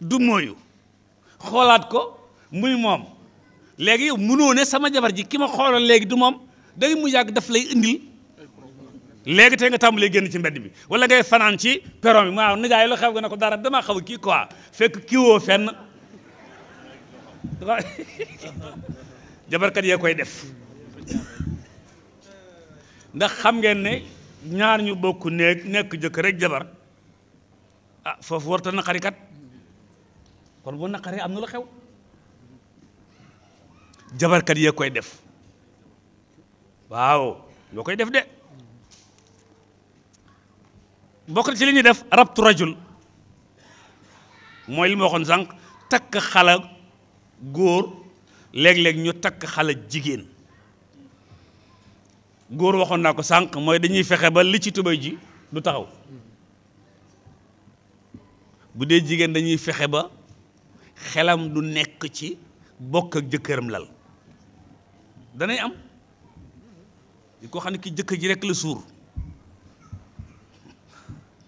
du mooyu xoolaat ko muy moom léegi yow mënoo ne sama jabar ji ki ma xoolal léegi du moom day mu yàgg daf lay indil léegi te nga tàmbulee génn ci mbedd bi wala ngay fanaan ci peron bi waaw nijaay lu xew nga ne ko dara dama xaw kii quoi fekk kii woo jabarkat yee koy def ndax xam ngeen ne ñaar ñu bokk néeg nekk jëkk rek jabar ah foofu warta na xarikat kon bu naqaree am na lu xew jabarkat yee koy def waaw ñoo koy def de bokk ci li ñuy def rabtu rajul mooy li ma waxoon sànq takk xala góor léeg-léeg ñu takk xala jigéen góor waxoon naa ko sànq mooy dañuy fexe ba li ci tubay ji du taxaw bu dee jigéen dañuy fexe ba xelam du nekk ci bokk ak jëkkëram lal danay am di ko xam ne ki jëkkër ji rek la suur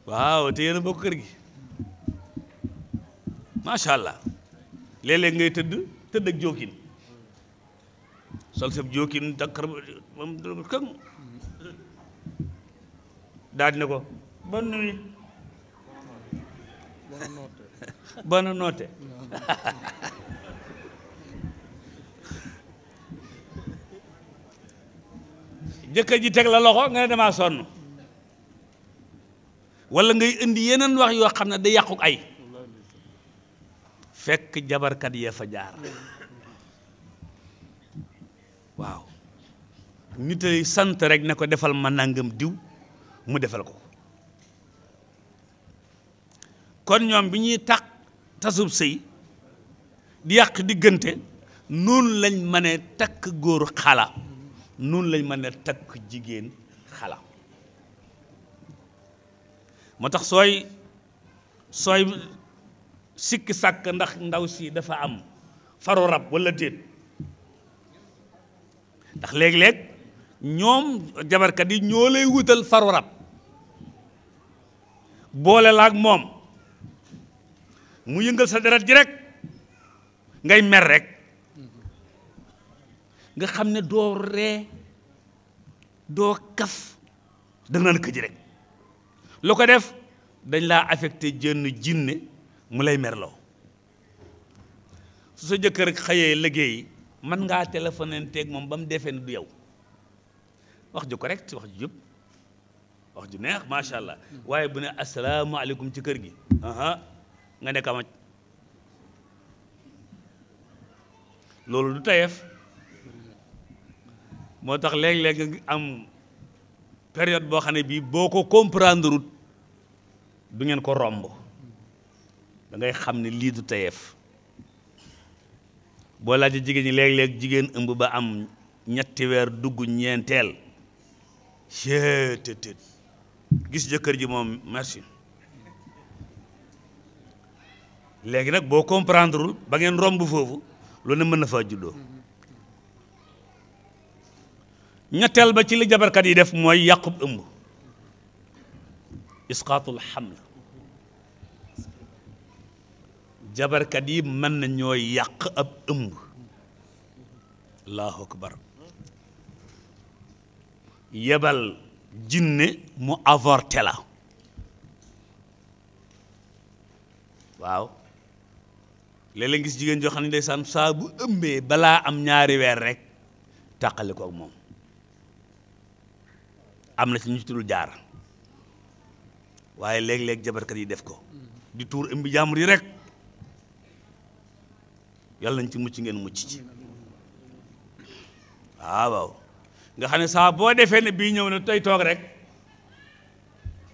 waaw te yéen bokk kër gi macha allah léeg ngay tëdd tëdd ak jóokin sol sab jóokin takkar moom ko bonne nuit Bwana note jëkkër ji teg la loxo nga ne damaa sonn walla ngay indi yeneen wax yoo xam ne day yàqu ay fekk jabarkat yee fa jaar waaw nit ay sant rek ne ko defal ma nangam diw mu defal ko kon ñoom bi ñuy tàq tasub sëy di yàq diggante noonu lañ mën takk góor xala noonu lañ mën takk jigéen xalaa moo tax sooy sooy sikki sàkk ndax ndaw sii dafa am faru rab walla déet ndax léeg-léeg ñoom jabarkat yi ñoo lay wutal faru rab boole la ak moom mu yëngal sa deret ji rek ngay mer rek nga xam ne doo ree doo kaf da nga naan këj rek lu ko def dañ laa affecté jënn jinne mu lay merloo su sa jëkkër xëyee liggéey man ngaa téléphoné teeg moom ba mu defee ne du yow wax ju correct wax ju jub wax ju neex macha allah mm-hmm. waaye bu ne asalaamaaleykum ci kër gi. nga ne kamaj loolu du tayeef moo tax léeg-léeg am période boo xam ne bii boo ko comprendre du ngeen ko romb da xam ni lii du tayeef boo laajee jigéen ñi léeg-léeg jigéen ëmb ba am ñetti weer dugg ñeenteel. seet gis jëkkër ji moom merci léegi nag boo comprendreul ba ngeen romb foofu lu mën na faa juddoo ñetteel ba ci li jabarkat yi def mooy yàqub ëmb isqaatul haml jabarkat yi mën na ñoo yàq ab ëmb allahu akbar yebal jinne mu avorté la waaw léeg-léeg gis jigéen joo xam ne day ndeysaan saa bu ëmbee balaa am ñaari weer rek tàqale ko moom am na ci ñu ci dul jaar waaye léeg-léeg jabarkat yi def ko di tuur ëmbi jàmbur yi rek yàlla nañ ci mucc ngeen mucc ci waaw waaw nga xam ne saa boo defee ne bii ñëw na tey toog rek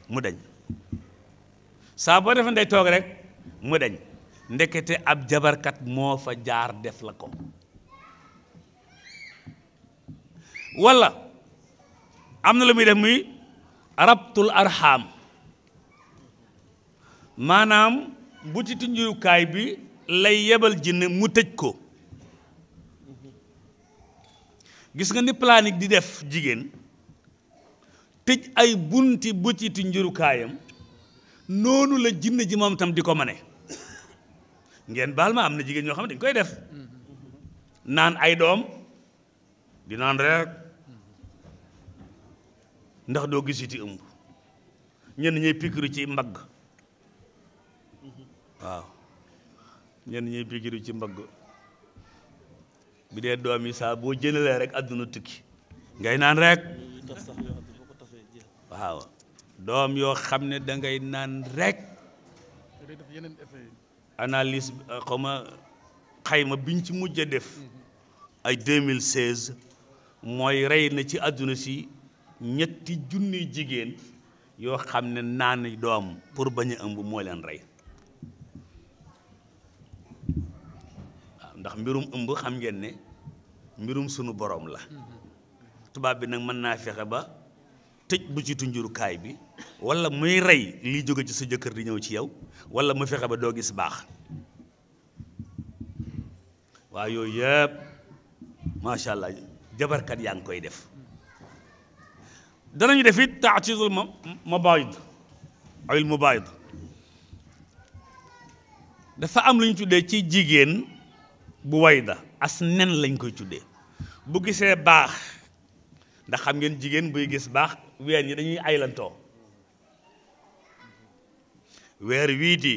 mu dañ saa boo defee ne day toog rek mu dañ ndekete ab jabarkat moo fa jaar def la ko walla am na lu muy def muy rabtul arxaam maanaam bu ci tunjuyukaay bi lay yebal jinne mu tëj ko gis nga ni planique di def jigéen tëj ay bunti bu ci tunjurukaayam noonu la jinne ji moom tam di ko mane ngeen baal ma am na jigéen ñoo xam ne dañ koy def naan ay doom di naan ndax doo gisiti ëmb ñenn ñuy pikiru ci mbagg waaw ñenn ñuy pikiru ci mbagg bi dee doom yi saa boo jëlalee rek àdduna tukki ngay naan rek waaw doom yoo xam ne da ngay naan rek analyse euh, xaw ma xayma biñ ci mujj def ay 2016 mooy rey na ci àdduna si ñetti junni jigéen yoo xam ne naa naan doom pour bañ a ëmb moo leen rey ndax mbirum ëmb xam ngeen ne mbirum sunu borom la mm-hmm. tubaab bi nag mën naa fexe ba tëj bu ci tunjurukaay bi walla muy rey liy jóge ci sa jëkkër di ñëw ci yow wala mu fexe ba doo gis baax waaw yooyu yëpp macha allah jabarkat yaa ngi koy def danañu def it taatizul ma mabayd awil mubayd dafa am lu ñu tuddee ci jigéen bu wayda as nen lañ koy tuddee bu gisee baax ndax xam ngeen jigéen buy gis baax ween yi dañuy aylantoo weer wii di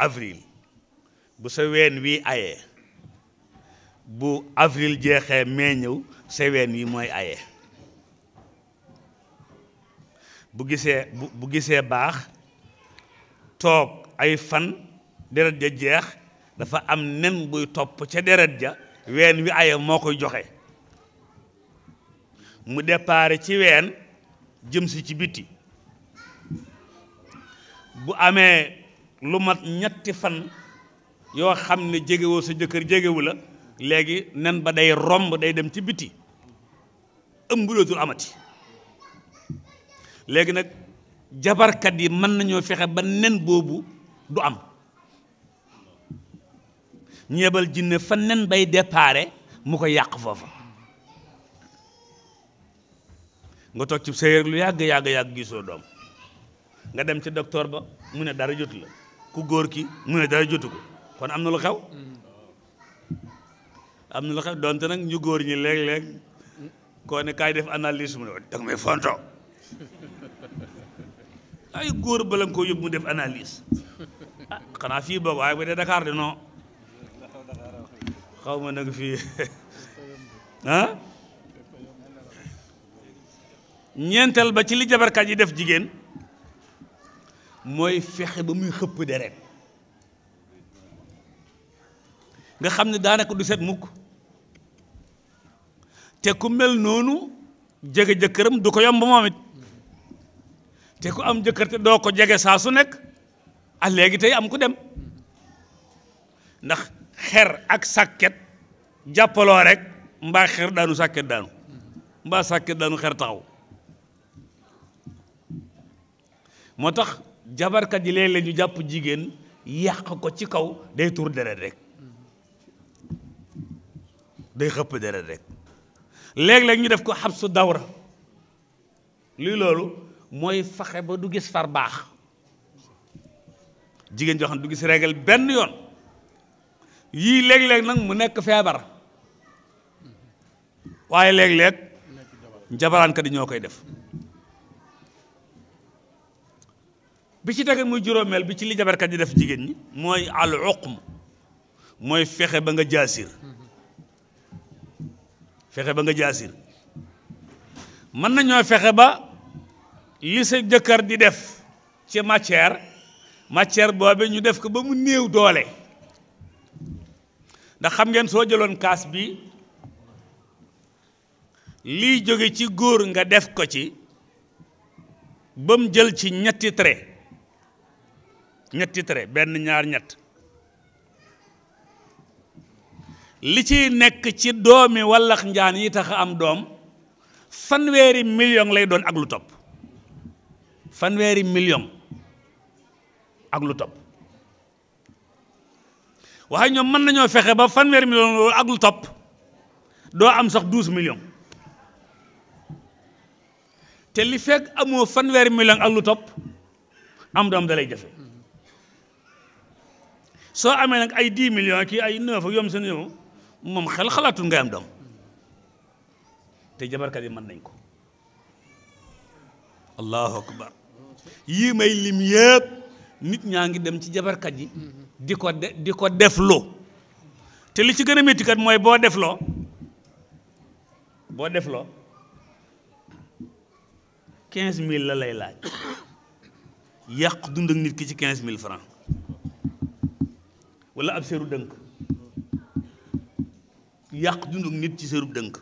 avril bu sa ween wii ayee bu avril jeexee mai ñëw sa ween wi mooy ayee bu gisee bu bu gisee baax toog ay fan deret ja jeex dafa am nen buy topp ca deret ja ween wi ayee moo koy joxe mu départ ci ween jëm si ci biti bu amee lu mat ñetti fan yoo xam ne jegewoo sa jëkkër jegewu la léegi nen ba day romb day dem ci biti ëmbulootul amati léegi nag jabarkat yi mën nañoo fexe ba nen boobu du am ñeebal jinne fa nen bay déparé mu ko yàq foofa nga toog ci séyéer lu yàgg yàgg yàgg gisoo doom nga dem ci docteur ba mu ne dara jot la ku góor ki mu ne dara jotu ko kon am na lu xew am na lu xew donte nag ñu góor ñi léeg-léeg koo ne kaay def analyse mu ne danga may fonto ay góor bala nga koo yóbbu mu def analyse ah xanaa fii boog waaye bu dee Dakar de non xaw ma nag fii ah ñeenteel ba ci li jabarkat yi def jigéen mooy fexe ba muy xëpp deret nga xam ne daanaka du set mukk te ku mel noonu jege jëkkëram du ko yomb moom it te ku am jëkkër doo ko jege saa su nekk a ah léegi tey am ku dem ndax xer ak sàkket jàppaloo rek mbaa xer daanu sàkket daanu mbaa sàkket daanu xer taxaw moo tax jabarkat yi léeg-léeg ñu jàpp jigéen yàq ko ci kaw day tuur deret rek day xëpp deret rek léeg-léeg ñu def ko su dawra lii loolu mooy faxe ba du gis far baax jigéen joo xam ne du gis régal benn yoon yii léeg-léeg nag mu nekk feebar waaye léeg-léeg njabaraankat yi ñoo koy def bi ci tegee muy juróomeel bi ci li jabarkat di def jigéen ñi mooy al uqm mooy fexe ba nga jaasir fexe ba nga jaasir mën nañoo fexe ba li sa jëkkër di def ci matière matière boobe ñu def ko ba mu néew doole ndax xam ngeen soo jëloon kaas bi li jóge ci góor nga def ko ci ba mu jël ci ñetti trait ñetti trait benn ñaar ñett li ci nekk ci doomi wallax njaan yi tax am doom fanweeri million lay doon ak lu topp fanweeri million ak lu topp waaye ñoom mën nañoo fexe ba fanweeri million topp doo am sax douze million te li fekk amoo fanweeri million ak lu topp am doom dalay jafe soo amee nag ay 10 millions kii ay 9 yom seen yom moom xel xalaatul ngay am doom te jabarkat yi mën nañ ko allahu akbar yii may lim yëpp nit ñaa ngi dem ci jabarkat yi di ko de def loo te li ci gën a métti kat mooy boo def loo boo def loo quinze mille la lay laaj yàq dund ak nit ki ci quinze mille francs wala ab seeru dënk yàq dundu nit ci seerub dënk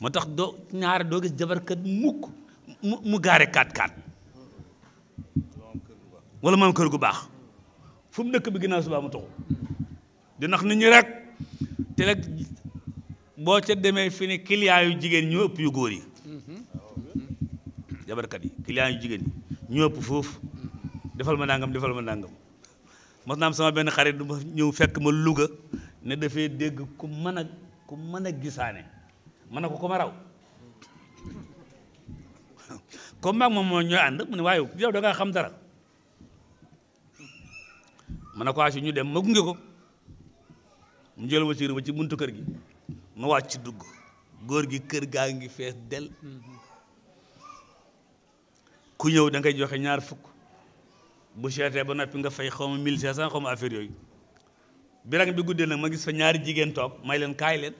moo tax doo ñaare doo gis jabarkat mukk mu mu gaare kaat kaat wala moom kër gu baax fu mu dëkk bi ginnaaw subaa mu taxu di nit ñi rek te rek boo ca demee fi ne client jigéen ñoo ëpp yu góor yi jabarkat yi client yu jigéen ñoo ëpp foofu defal ma nangam defal ma nangam mos naa am sama benn xarit ma ñëw fekk ma luga ne dafay dégg ku mën a ku mën a gisaane mën na ko ko ma raw comme maag moom moo ñooy ànd mu ne waaye yow da ngaa xam dara mën ne ko asu ñu dem ma gunge ko mu jël wasiir ba ci buntu kër gi ma wàcc ci dugg góor gi kër gaa ngi fees del mm-hmm. ku ñëw da joxe ñaar fukk bu seetee ba noppi nga fay xaw ma 1500 xaw ma affaire yooyu birang bi guddee nag ma gis fa ñaari jigéen toog may leen kaay leen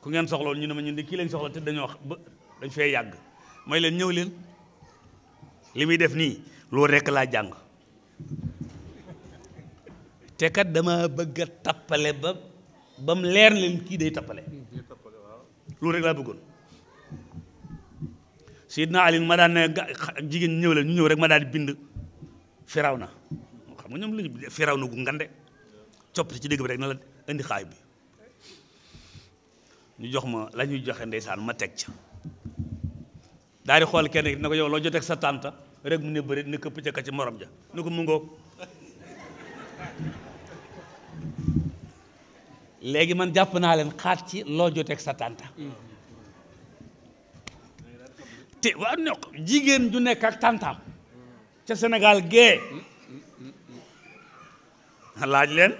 ku ngeen soxla ñu ne ma ñun de kii te dañoo ba dañ fee yàgg may leen ñëw leen li muy def nii loolu rekk laa jàng te kat dama bëgg a tappale ba ba mu leer leen kii day tappale loolu rekk laa bëggoon Seydina Ali ma daan ne jigéen ñëw leen ñu ñëw rek ma daan bind firaw na xam nga ñoom lañu firaw na gu ngande coppite ci dégg bi rek na la indi xaay bi ñu jox ma la ñuy joxe ndeysaan ma teg ca daal di xool kenn na ko yow loo joteeg sa tànta rek mu ne bëri ne këpp ca ka ja ne mu ngoog léegi man jàpp naa leen xaat ci loo joteeg sa tànta te waa ne jigéen ju nekk ak tàntaam ca Sénégal gee laaj leen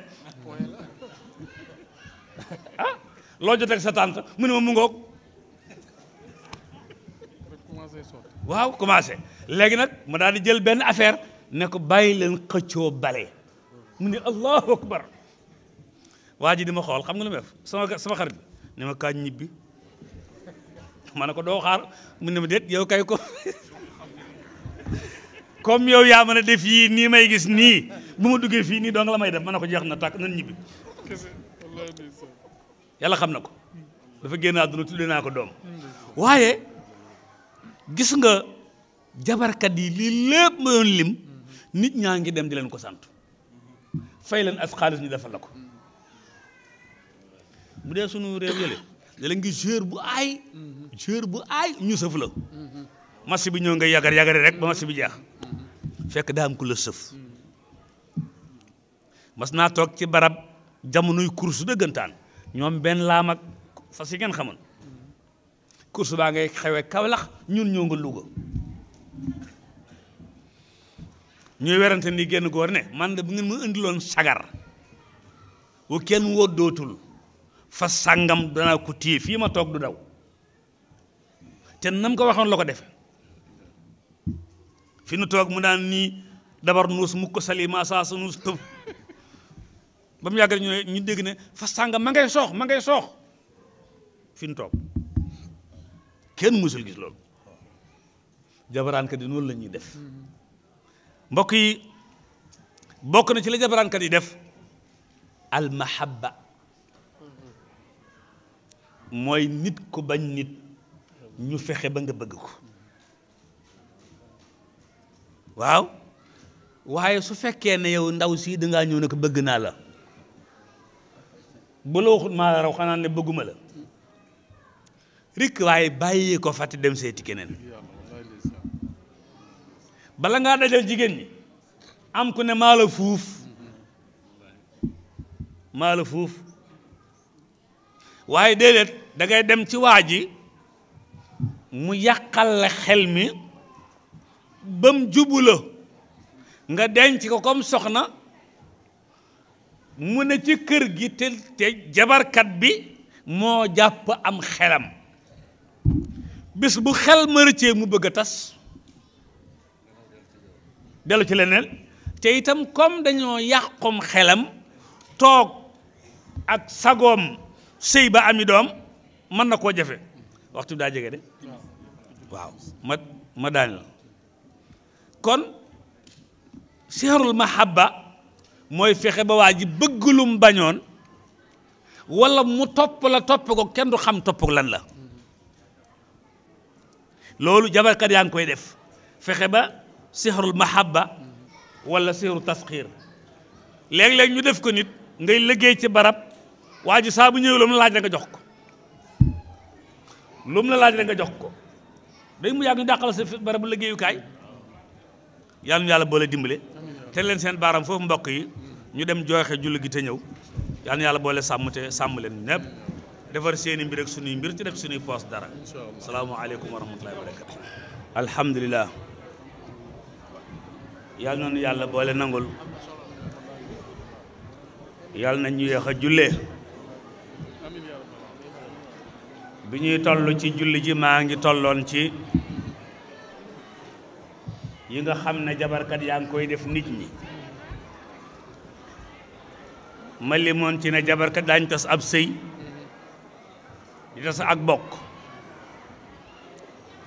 ah loo jot ak sa tante mu ne ma mu ngoog waaw commencé léegi nag ma daal di jël benn affaire ne ko bàyyi leen xëccoo bale mu ne allahu akbar waa ji di ma xool xam nga lu ma def sama xarit ne ma kañ ñibbi ma ko doo xaar mu ne ma déet yow kay ko comme yow yaa mën a def yii nii may gis nii bu ma duggee fii nii dong la may def ma ne ko jeex na tàkk nan ñibbi yàlla xam na ko dafa génn a àdduna tuddee naa ko doom waaye gis nga jabarkat yi lii lépp ma doon lim nit ñaa ngi dem di leen ko sant fay leen as xaalis ñu defal la ko bu dee sunu réew yële da ngi joueur bu ay joueur bu aay ñu sëf la match bi ñëw nga yagar yagari rek ba match jeex fekk daa am ku la sëf mas naa toog ci barab jamonoy course dëggantaan ñoom benn laam ak fas yi ngeen xamoon course baa ngay xewee Kawlax ñun ñoo nga Louga ñoo werante ni génn góor ne man de bu ngeen ma indiloon sagar wu kenn woddootul fas sàngam danaa ko téye fii ma toog du daw te nam ko waxoon la ko defe fi nu toog mu daan nii dabar nuus mukk salima saa sa nuus tëb ba mu yàgg ñu ne ñu dégg ne fas sànga ma ngay soox ma ngay soox fi nu toog kenn mësul gis loolu jabaraankat yi noonu lañuy def mbokk yi bokk na ci la jabaraankat yi def almahabba mooy nit ku bañ nit ñu fexe ba nga bëgg ko waaw waaye su fekkee ne yow ndaw sii dangaa ñëw ne ko bëgg naa la bu la waxut maa la raw xanaa ne bëgguma la rikk waaye bàyyi ko fàtte dem seeti keneen bala ngaa dajal jigéen ñi am ku ne maa la fuuf maa la fuuf waaye déedéet da ngay dem ci waa ji mu yàqal xel mi bam jubu la nga denc ko comme soxna mu ne ci kër gi te te jabarkat bi moo jàpp am xelam bis bu xel mërëcee mu bëgg a tas dellu ci leneen te itam comme dañoo yàqum xelam toog ak sagoom sëy ba ami doom mën na koo jafe waxtu bi daa jege de waaw ma ma daani la kon seexarul mahabba mooy fexe ba waa ji bëgg lum bañoon wala mu topp la topp ko kenn du xam topp lan la loolu jabarkat yaa ngi koy def fexe ba seexarul mahabba wala seexaru tasxiir léeg-léeg ñu def ko nit ngay liggéey ci barab waa ji saa bu ñëwee lu mu la laaj rek nga jox ko lu mu la laaj rek nga jox ko day mu yàgg ñu dàqal sa barabu liggéeyukaay yàlla nu yàlla boole dimbale te leen seen baaram foofu mbokk yi ñu dem jooxe julli gi te ñëw yàlla nu yàlla boole sàmm te sàmm defar seeni mbir ak ci def suñuy poos dara salaamaaleykum wa rahmatullahi wa barakatu alhamdulilah yàlla yàlla boole nangul yàlla na ñu yéex a jullee bi ñuy toll ci julli ji maa ngi tolloon ci yi nga xam ne jabarkat yaa ngi koy def nit ñi ma limoon ci ne jabarkat daañ tas ab sëy di tas ak bokk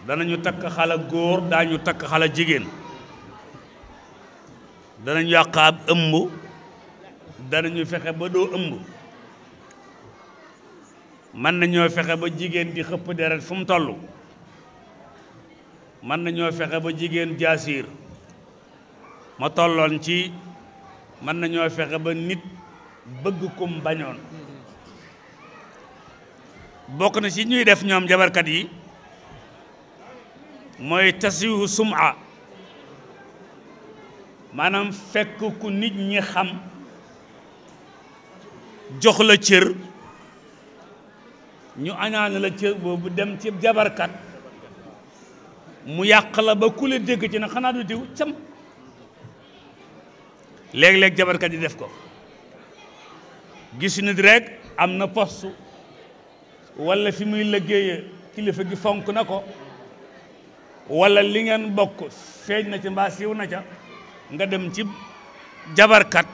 danañu takk xala góor daañu takk xala jigéen danañu yàq ab ëmb ñu fexe ba doo ëmb mën nañoo fexe ba jigéen di xëpp deret fu mu tollu mën nañoo fexe ba jigéen jaasiir ma tolloon ci mën nañoo fexe ba nit bëgg kum bañoon bokk na ci ñuy def ñoom jabarkat yi mooy tasiwu suma maanaam fekk ku nit ñi xam jox la cër ñu añaan la cër boobu dem ci jabarkat mu yàq la ba ku la dégg ci na xanaa du diw cam léeg-léeg jabarkat yi def ko gis nit rek am na poste walla fi muy liggéeye kilifa gi fonk na ko walla li ngeen bokk feeñ na ci mbaa siiw na ca nga dem ci jabarkat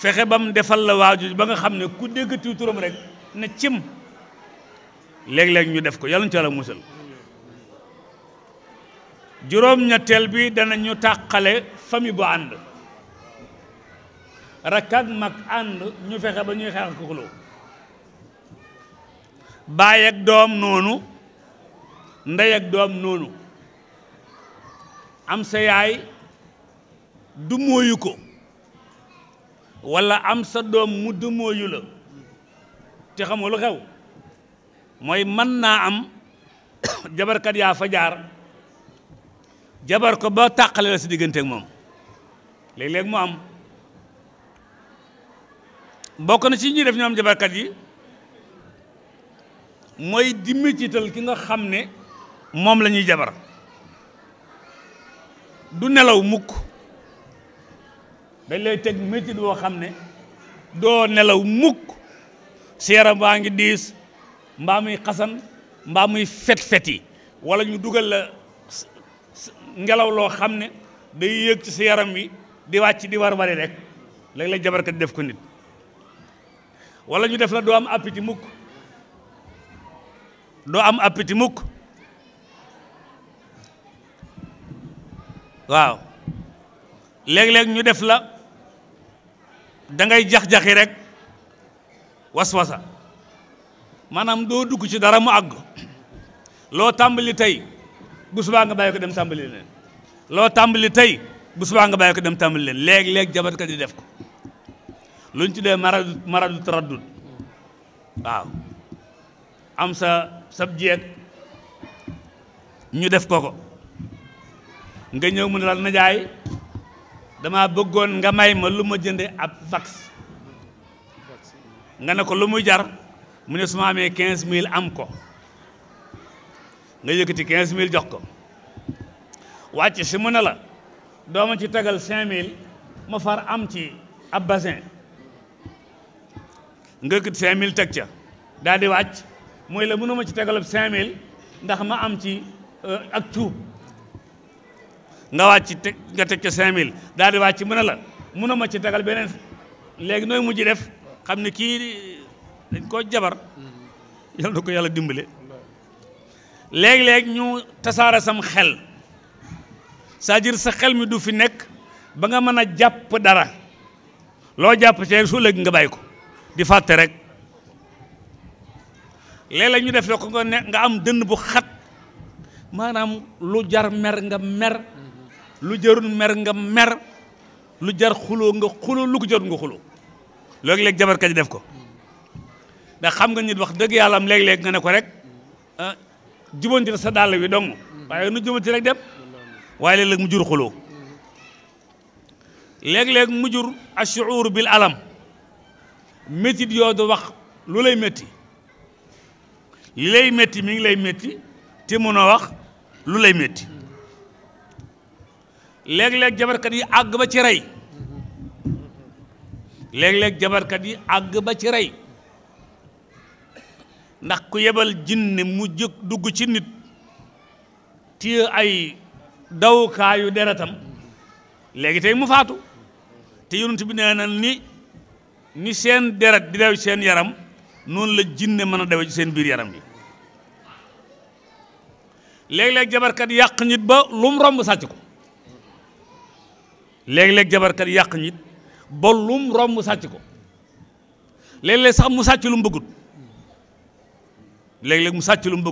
fexe ba mu defal la waaju ba nga xam ne ku déggatiw turam rek na cim léeg-léeg ñu def ko yàlla ñu ci musal juróom-ñetteel bi danañu tàqale famille bu ànd rakk ak mag ànd ñu fexe ba ñuy xeex ak xuloo baay ak doom noonu ndey doom noonu am sa yaay du mooyu ko walla am sa doom mu du mooyu la te xamul xew mooy mën naa am jabarkat yaa fa jaar jabar ko ba tàqale la si digganteeg moom léeg-léeg mu am bokk na ci ñuy def ñoom jabarkat yi mooy di métital ki nga xam ne moom lañuy ñuy jabar du nelaw mukk dañ lay teg métit boo xam ne doo nelaw mukk si yaram baa ngi diis mbaa muy xasan mbaa muy fet-fet yi wala ñu dugal la ngelaw loo xam ne day yéeg ci sa yaram wi di wàcc di war wari rek léeg-léeg jabarkat def ko nit wala ñu def la doo am appétit mukk doo am appétit mukk waaw léeg-léeg ñu def la da ngay jax-jaxi rek waswasa maanaam doo dugg ci dara mu àgg loo tàmbali tey bu subaa nga bàyyi ko dem tàmbali leen loo tàmbali tey bu subaa nga bàyyi ko dem tàmbali leen léeg-léeg jabarkat yi def ko luñ tuddee maradu maradu taraddud waaw am sa sab jeeg ñu def ko ko nga ñëw mu ne la na jaay dama bëggoon nga may ma lu ma jënde ab vax nga ne ko lu muy jar mu ne su ma amee quinze mille am ko nga yëkkati 15000 jox ko wàcc si mu ne la dooma ci tegal 5000 ma far am ci ab basin nga yëkkati 5000 teg ca daal di wàcc mooy la mënuma ci tegalub 5000 ndax ma am ci euh, ak cuub nga wàcc teg teg ca 5000 daal di wàcc mu ne la mënuma ci tegal beneen léegi nooy mujj def xam ne kii dañ koo jabar mm-hmm. yal na ko yàlla dimbale. léeg-léeg ñu tasaara sam xel sa à sa xel mi du fi nekk ba nga mën a jàpp dara loo jàpp ci su léegi nga bàyyi ko di fàtte rek léeg-léeg ñu def ko nga ne nga am dënn bu xat maanaam lu jar mer nga mer lu jarul mer nga mer lu jar xuloo nga xuloo lu ko jarul nga xuloo léeg-léeg jabarkat yi def ko ndax xam nga nit wax dëgg yàlla am léeg-léeg nga ne ko rek ah, jubanti sa dàll wi dong waaye nu jubanti rek dem waaye léeg-léeg mu jur xuloo léeg-léeg mu jur ashuur bil alam métit yoo du wax lu lay métti li lay métti mi ngi lay métti te a wax lu lay métti léeg-léeg jabarkat yi àgg ba ci rey léeg-léeg jabarkat yi àgg ba ci rey ndax ku yebal jinne mu jóg dugg ci nit téye ay dawukaayu deretam léegi tey mu faatu te yonent bi nee na ni ni seen deret di daw seen yaram noonu la jinne mën a dawe ci seen biir yaram bi léeg-léeg jabarkat yàq nit ba lum romb sàcc ko léeg-léeg jabarkat yàq nit ba lum romb sàcc ko léeg-léeg sax mu sàcc lu bëggut léeg-léeg mu sàcc lu mu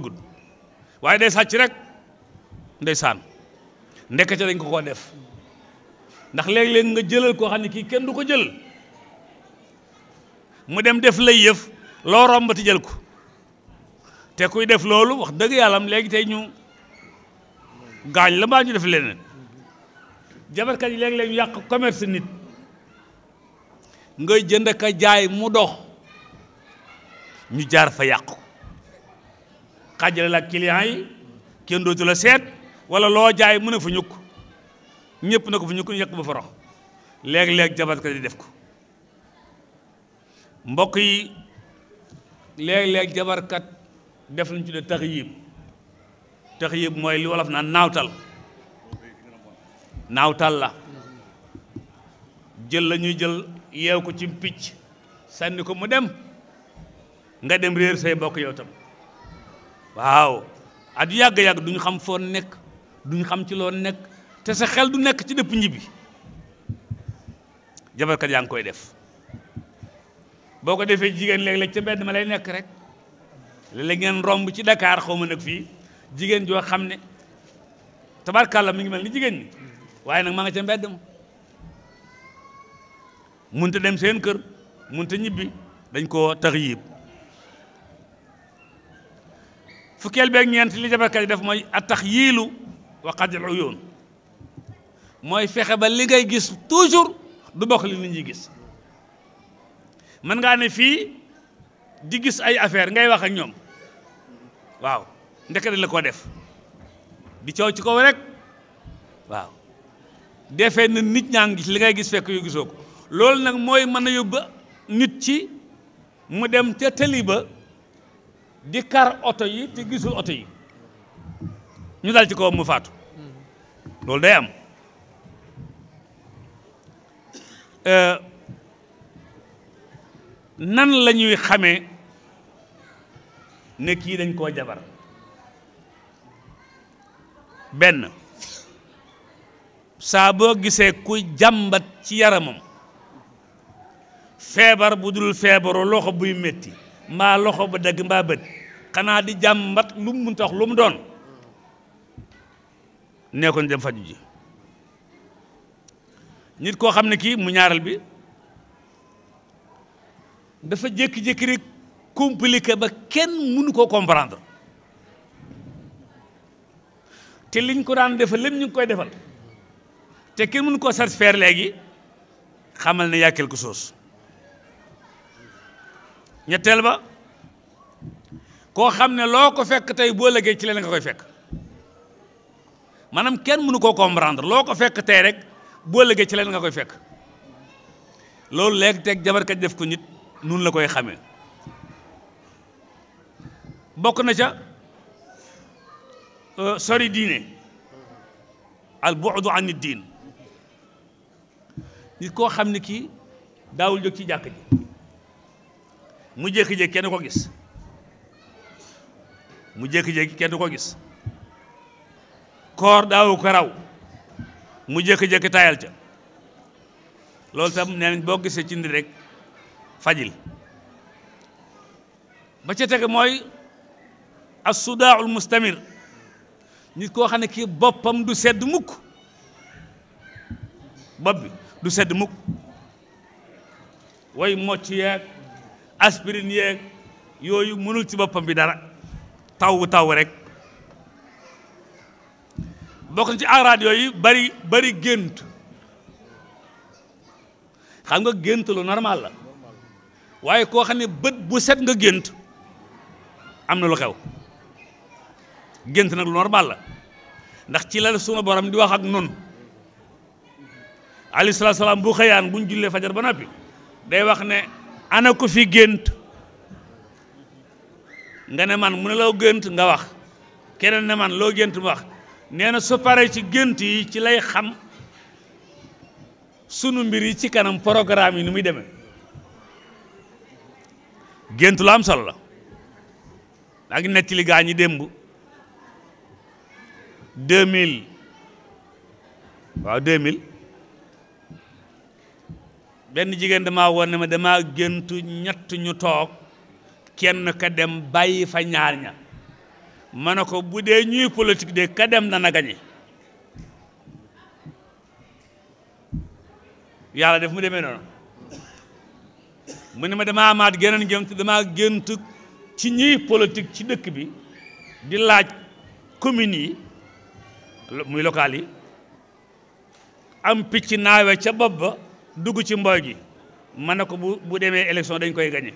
waaye day sàcc rek ndeysaan ndekete dañ ko koo def ndax léeg-léeg nga jëlal koo xam ne kii kenn du ko jël mu dem def lay yëf loo rombati jël ko te kuy def loolu wax dëgg yàlla am léegi tey ñu gaañ la mbaa ñu def leneen jabarkat yi léeg-léeg ñu yàq commerce nit ngay jënd ka jaay mu dox ñu jaar fa yàqu xaajale la ak client yi kenn dootu la seet wala loo jaay mën a fa ñukk ñëpp na ko fa ñukk ñekk ba fa rox léeg-léeg jabarkat di def ko mbokk yi léeg-léeg jabarkat def lañu tuddee tax yib tax yib mooy li wolof naan naawtal naawtal la jël la ñuy jël yeew ko ci picc sànni ko mu dem nga dem réer say mbokk yow tam waaw adu yàgg-yàgg duñu xam foo nekk duñu xam ci loo nekk te sa xel du nekk ci dëpp ñibbi jabarkat yaa ngi koy def boo ko defee jigéen léeg-léeg ca benn ma lay nekk rek léeg ngeen romb ci Dakar xaw ma nag fii jigéen joo xam ne tabarkàlla mi ngi mel ni jigéen ñi waaye nag ma nga ca mbedd ma munta dem seen kër munta ñibbi dañ koo tax yib fukkeel bee ñeent li jabarkat yi def mooy a tax yiilu wa qadil uyun mooy fexe ba li ngay gis toujours du bokk li nit gis mën ngaa ne fii di gis ay affaire ngay wax ak ñoom waaw ndekete la ko def di coow ci kaw rek waaw defee na nit ñaa ngi li ngay gis fekk yu gisoo ko loolu nag mooy mën a yóbbu nit ci mu dem ca tëli ba di kar oto yi te gisul oto yi ñu dal ci kaw mu faatu loolu day am euh, nan la ñuy xamee ne kii dañ koo jabar benn saa boo gisee kuy jàmbat ci yaramam feebar bu dul feebaru loxo buy metti mba loxo ba dagg mbaa bët xanaa di jàmbat lu mu mënta wax lu mu doon nee ko dem faju ji nit koo xam ne kii mu ñaaral bi dafa jékki-jékki rek compliqué ba kenn mënu koo comprendre te liñ ko daan defal lépp ñu ngi koy defal te kenn mënu koo satisfaire léegi xamal ne ya quelque chose ñetteel ba koo xam ne loo ko fekk tey boo lëggee ci leen nga koy fekk maanaam kenn mënu koo comprendre loo ko fekk tey rek boo lëggee ci leen nga koy fekk loolu léegi teg jabarkat def ko nit nun la koy xamee bokk na ca euh, sori diine al bu'du an diin nit koo xam ne kii daawul jóg ci jàkk ji mu jékki-jékki kenn ko gis mu jékki kenn du ko gis koor daawu ko raw mu jékki-jékki tayal ca loolu tam nee nañ boo gisee ci ndi rek fajil ba ca teg mooy assudaaul mustamir nit koo xam ne kii boppam du sedd mukk bopp bi du sedd mukk way mocc yeeg aspirine yeeg yooyu mënul ci boppam bi dara taw taw rek bokk na ci aaraat yooyu bari bari gént xam nga gént lu normal la waaye koo xam ne bët bu set nga gént am na lu xew gént nag lu normal la ndax ci lal suma borom di wax ak nun alayhi salaam bu xëyaan buñ jullee fajar ba noppi day wax ne ana ko fi gént nga ne man mu ne loo gént nga wax keneen ne loo gént mu wax nee na su ci gént yi ci lay xam sunu mbir yi ci kanam programme yi ni muy demee gént lu am solo la ak nettali gaa ñi démb deux mille waaw deux mille benn jigéen dama woon na ma dama géntu ñett ñu toog kenn ka dem bàyyi fa ñaar ña ma ne ko bu dee ñuy politique de ka dem dana gañe yàlla def mu demee noonu mu ne ma dama amaat geneen gént dama gént ci ñuy politique ci dëkk bi di laaj communes yi muy local yi am picc naawe ca bopp ba dugg ci mboy gi man na ko bu bu demee élection dañ koy gañe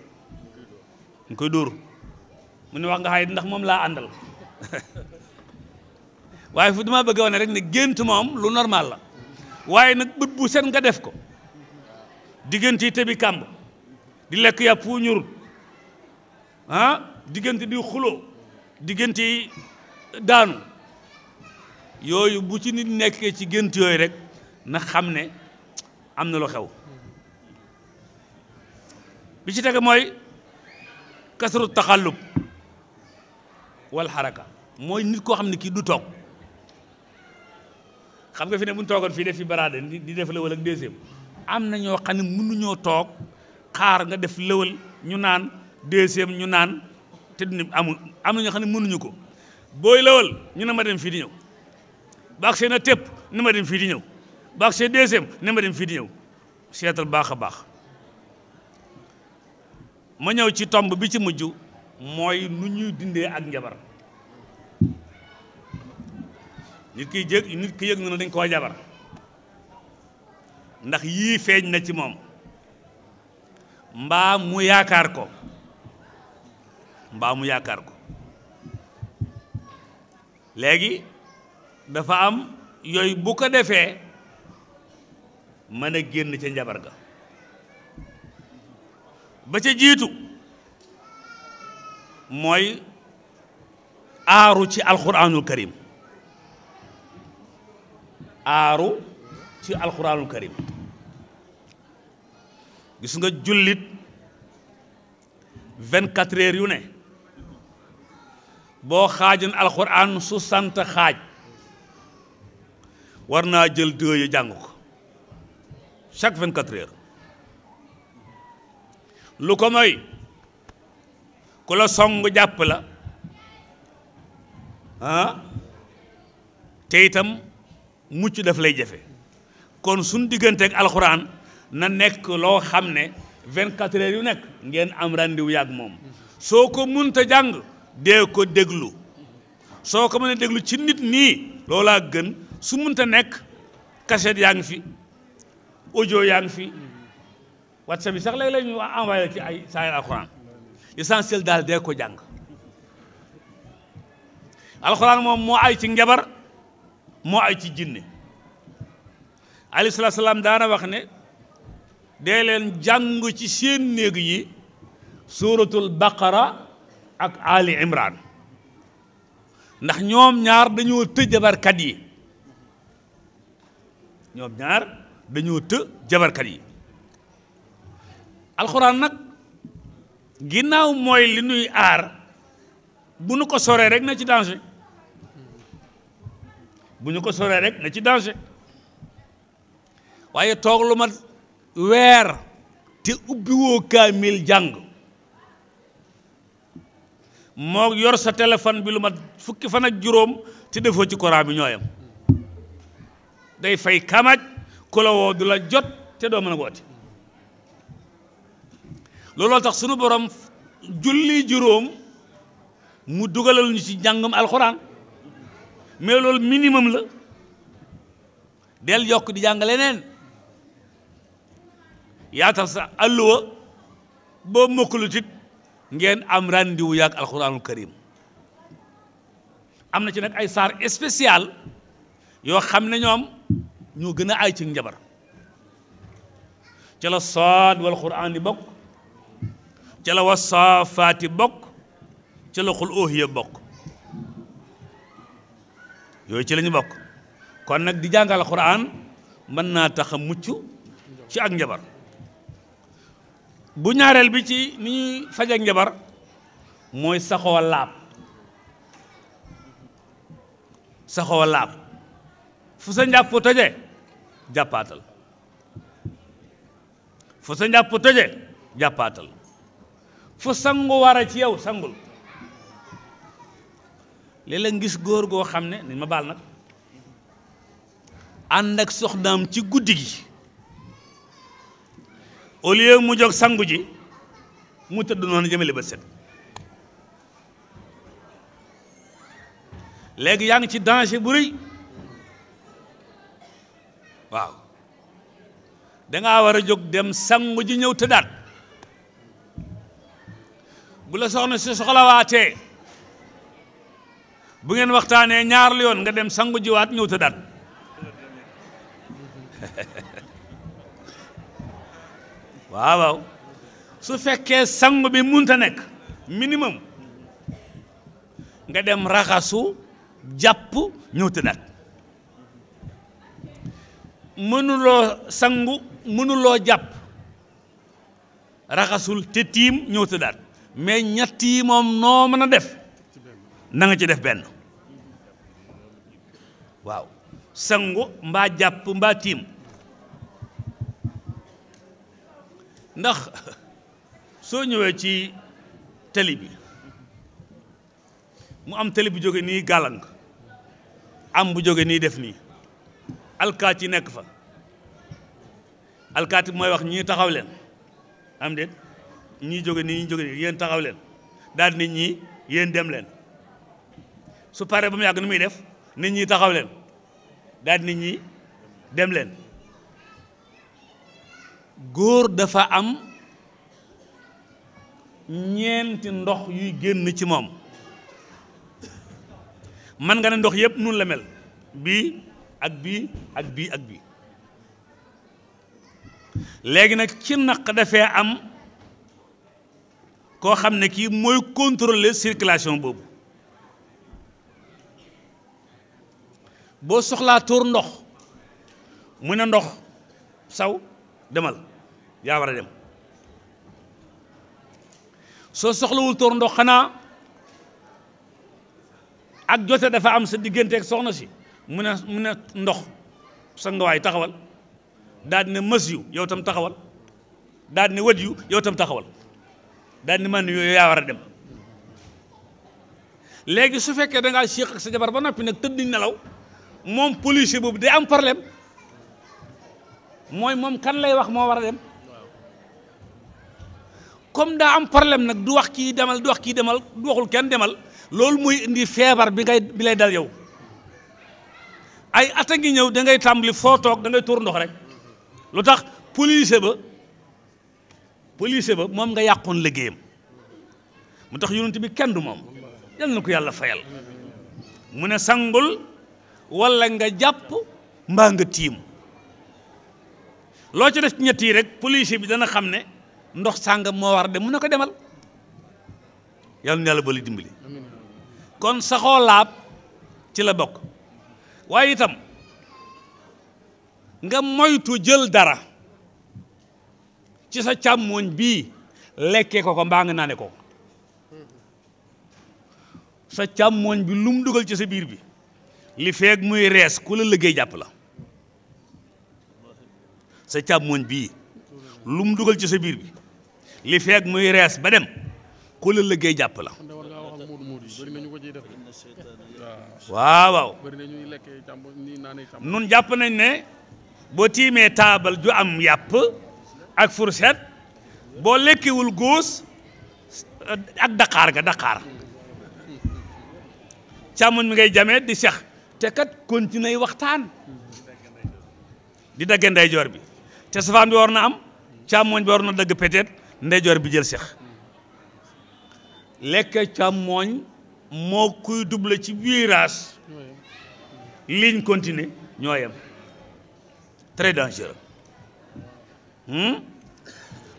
dañ ko duur mu ne wax nga xay ndax moom laa àndal waaye fu dama bëgg a wane rek ne gént moom lu normal la waaye nag bët bu set nga def ko diggante yi tëbi kàmb di lekk yàpp wu ñurut ah diggante di xuloo diggante yi daanu yooyu bu ci nit nekkee ci gént yooyu rek na xam ne am na lu xew bi ci tege mooy kasru taxallub wal xaraka mooy nit koo xam ne kii du toog xam nga fi ne bu ñu toogoon fii def fi baraade di def lëwal ak deuxième am na ñoo xam ne mënuñoo toog xaar nga def lëwal ñu naan deuxième ñu naan te du amul am na ñoo xam ne mënuñu ko booy lëwal ñu ne ma dem fii di ñëw baax seen a tépp ma dem fii di ñëw bu ak see deuxième ne ma dem fii di ñëw seetal baax a baax ma ñëw ci tomb bi ci mujj mooy nu ñuy dindee ak njabar nit ki jég nit ki yëg na ne dañ koo jabar ndax yii feeñ na ci moom mbaa mu yaakaar ko mbaa mu yaakaar ko léegi dafa am yooyu bu ko defee mën a génn ca njabar ga ba ca jiitu mooy aaru ci alxuraanul karim aaru ci alxuraanul karim gis nga jullit vingt yu ne boo xaajoon alxuraan sant xaaj war naa jël deux yu jàng ko chaque vingt quatre heures lu ko mooy ku la song jàpp la ah te itam mucc daf lay jafe kon suñ diggante ak alxuraan na nekk loo xam ne vingt quatre heures yu nekk ngeen am rendez yàgg moom soo ko munta jàng dee ko déglu soo ko mën déglu ci nit nii loolaa gën su munta nekk kaset yaa ngi fi audio yaa fi bi sax léeg-léeg ñu envoyé ci ay saayir alxuraan essentiel daal dee ko jàng alxuraan moom moo ay ci njabar moo ay ci jinne alayhi salaatu salaam daana wax ne dee leen jàng ci seen néeg yi suuratul baqara ak ali imran ndax ñoom ñaar dañoo tëj jabarkat yi ñoom ñaar dañoo të jabarkat yi alxuraan nag ginnaaw mooy li nuy aar bu nu ko soree rek na ci danger bu ñu ko soree rek na ci danger waaye toog lu ma weer te ubbiwoo kaamil jàng moo yor sa téléphone bi lu mat fukki fan juróom te defoo ci koraan bi ñooyam day fay kamaj ku la du la jot te doo mën a woote looloo tax sunu borom julli juróom mu dugalal ñu ci njàngam alxuraan mais loolu minimum la del yokk di jàng leneen yaatal sa alluwa boo mokkalut it ngeen am rendez-vous yaag alxuraanul karim am na ci nag ay saar spécial yoo xam ne ñoom ñoo gën a aay ci njabar ca la saad wal quraan bokk ca la wasaafaati bokk ca la xul oohiya bokk yooyu ci la ñu bokk kon nag di jàngal quraan mën naa tax a mucc ci ak njabar bu ñaareel bi ci ni ñuy njabar mooy saxoo laab saxoo laab fu sa njàpp toje jàppaatal fu sa njàpp tëje jàppaatal fu sangu war a ci yow sangul léeg-léeg ngis góor goo xam ne nañ ma baal nag ànd ak soxnaam ci guddi gi au lieu mu jóg sangu ji mu tëdd noonu jëmale ba set léegi yaa ngi ci danger bu rëy waaw danga war a jóg dem sangu ji ñëw tëddaat bu la soxna si soxlawaatee bu ngeen waxtaanee ñaar yoon nga dem sangu jiwaat ñëw tëddaat waaw su fekkee sangu bi mun munta nekk minimum nga dem raxasu jàpp ñëw tëddaat mënuloo sangu mënuloo jàpp raxasul te tiim ñëw tëddaat mais ñett yi moom noo mën a def nanga ci def benn waaw sangu mbaa jàpp mbaa tiim ndax soo ñëwee ci tali bi mu am tali bu jóge nii gàllang am bu jóge nii def nii alkaat yi nekk fa alkaati mooy wax ñii taxaw leen am déet ñii jóge nii ñii jóge nii yéen taxaw leen daal nit ñi yéen dem leen su paree ba mu yàgg nu muy def nit ñi taxaw leen daal nit ñi dem leen góor dafa am ñeenti ndox yuy génn ci moom man nga ne ndox yëpp nun la mel bii ak bii ak bii ak bii léegi nag ci naq dafe am koo xam ne kii mooy contrôler circulation boobu boo soxlaa tuur ndox mu ne ndox saw demal yaa war a dem soo soxlawul tuur ndox xanaa ak jote dafa am sa diggante soxna si mu ne mu ne ndox sa nga waay taxawal daal di ne mës yu yow tam taxawal daal ne wët yow tam taxawal daal di ne man yooyu yaa war a dem léegi su fekkee da ngaa séq ak sa jabar ba noppi nag tëdd nelaw moom policier boobu day am problème mooy moom kan lay wax moo war a dem comme daa am problème nag du wax kii demal du wax kii demal du waxul kenn demal loolu muy indi feebar bi ngay bi lay dal yow ay ata ngi ñëw da ngay tàmbali foo toog da ngay tuur ndox rek. lu tax police ba police ba moom nga yàqoon liggéeyam mu tax yonent bi kenn du moom yal na ko yàlla fayal mu ne sangul walla nga jàpp mbaa nga tiim loo ci def ñetti rek policier bi dana xam ne ndox sàngam moo war de mu ne ko demal yal na yàlla bëri dimbali kon saxoo laab ci la bokk waaye itam nga moytu jël dara ci sa càmmooñ bii lekkee ko ko mbaa nga naane ko sa càmmooñ bi lum dugal ci sa biir bi li feeg muy rees ku la liggéey jàpp la sa càmmooñ bii lum dugal ci sa biir bi li feeg muy rees ba dem ku la liggéey jàpp la waaw waaw nun jàpp nañ ne boo tiimee taabal ju am yàpp ak fourchette boo lekkewul goos eh, ak daqaar ga daqaar càmmoñ bi ngay jamee di sex te kat continuer waxtaan di dagge ndeyjoor bi te safaan bi war na am càmmoñ bi war na dagg peut ndeyjoor bi jël sex lekk càmmoñ moo kuy duble ci virage ligne continue ñoo yem très dangereux hmm?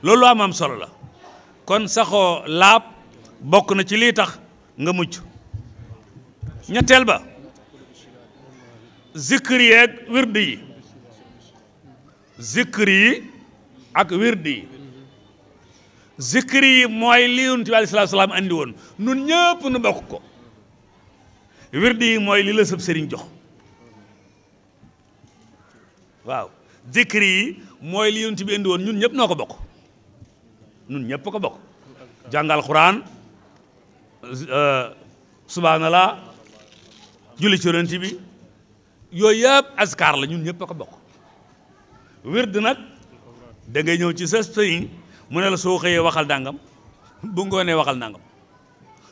loolu am solo la kon saxoo laab bokk na ci lii tax nga mucc ñetteel ba zikr yi wird yi zikr yi ak wird yi zikr yi mooy li yonent bi alayhi salaam andi woon nun ñëpp nu bokk ko wird yi mooy li la sëb sëriñ jox waaw zikri yi mooy li yonent bi indi woon ñun ñëpp noo ko bokk ñun ñëpp ko bokk jàngal xuraan euh, subhanallah julli ci yonent bi yooy yëpp askar la ñun ñëpp a ko bokk wird nag dangay ñëw ci sa sëriñ mu ne la soo xëyee waxal dàngam bu ngoonee waxal nangam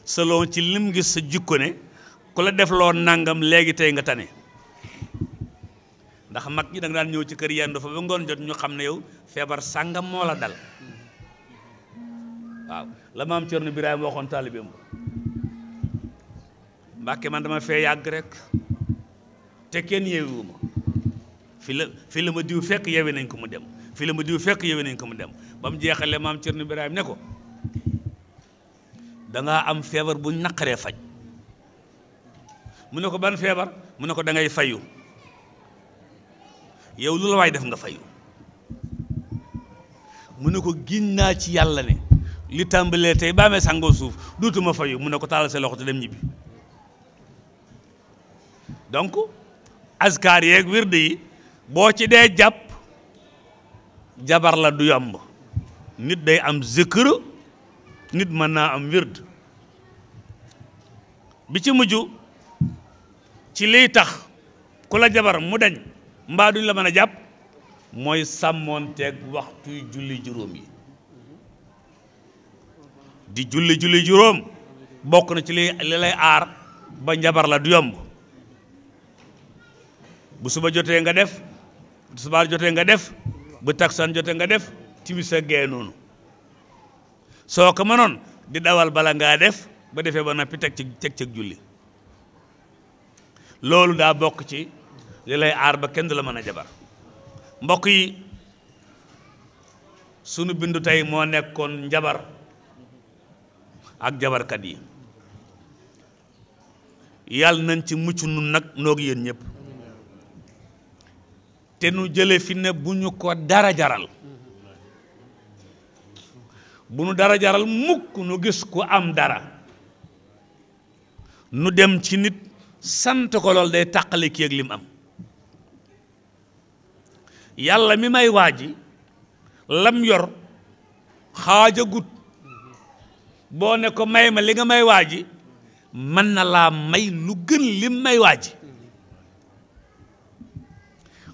selon ci lim gis sa jikko ne ku la def loo nangam léegi tey nga tane ndax mag ñi da daan ñëw ci kër yendu fa ba ngoon jot ñu xam ne yow feebar sàngam moo la dal waaw la maam Cerno Birahim waxoon taalibeem ba Mbàkke man dama fee yàgg rek te kenn yeewuma fi la fi la ma diw fekk yewe nañ ko mu dem fi la ma diw fekk yewe nañ ko mu dem ba mu jeexalee maam Cerno Birahim ne ko dangaa am feebar bu naqaree faj mu ne ko ban feebar mu ne ko da ngay fayu yow lu la waay def nga fayu mun ne ko gin naa ci yàlla ne li tàmbalee tey ba amee sangoo suuf duutuma fayu mun ne ko taalal sa loxo dem ñibbi donc askar yeeg wirde yi boo ci dee jàpp jabar la du yomb nit day am zikr nit mën naa am wird bi ci mujj ci liy tax ku la jabar mu dañ mbaa duñ la mën a jàpp mooy sàmmoonteeg waxtuy julli juróom yi di julli julli juróom bokk na ci li li lay aar ba njabar la du yomb bu suba jotee nga def bu subaar jotee nga def bu taksan jotee nga def timis a gee noonu soo ko mënoon di dawal bala ngaa def ba defee ba noppi teg teg ci julli loolu daa bokk ci li lay aar ba kenn du la mën a jabar mbokk yi sunu bindu tey moo nekkoon njabar ak jabarkat yi yàlla nañ ci mucc nun nag noog yéen ñëpp te nu jële fi ne bu ñu ko dara jaral bu nu dara jaral mukk nu gis ku am dara nu dem ci nit sant ko lool day tàqale kii ak lim am yàlla mi may waa ji lam yor xaaja gut boo ne ko may ma li nga may waa ji mën na laa may lu gën lim may waa ji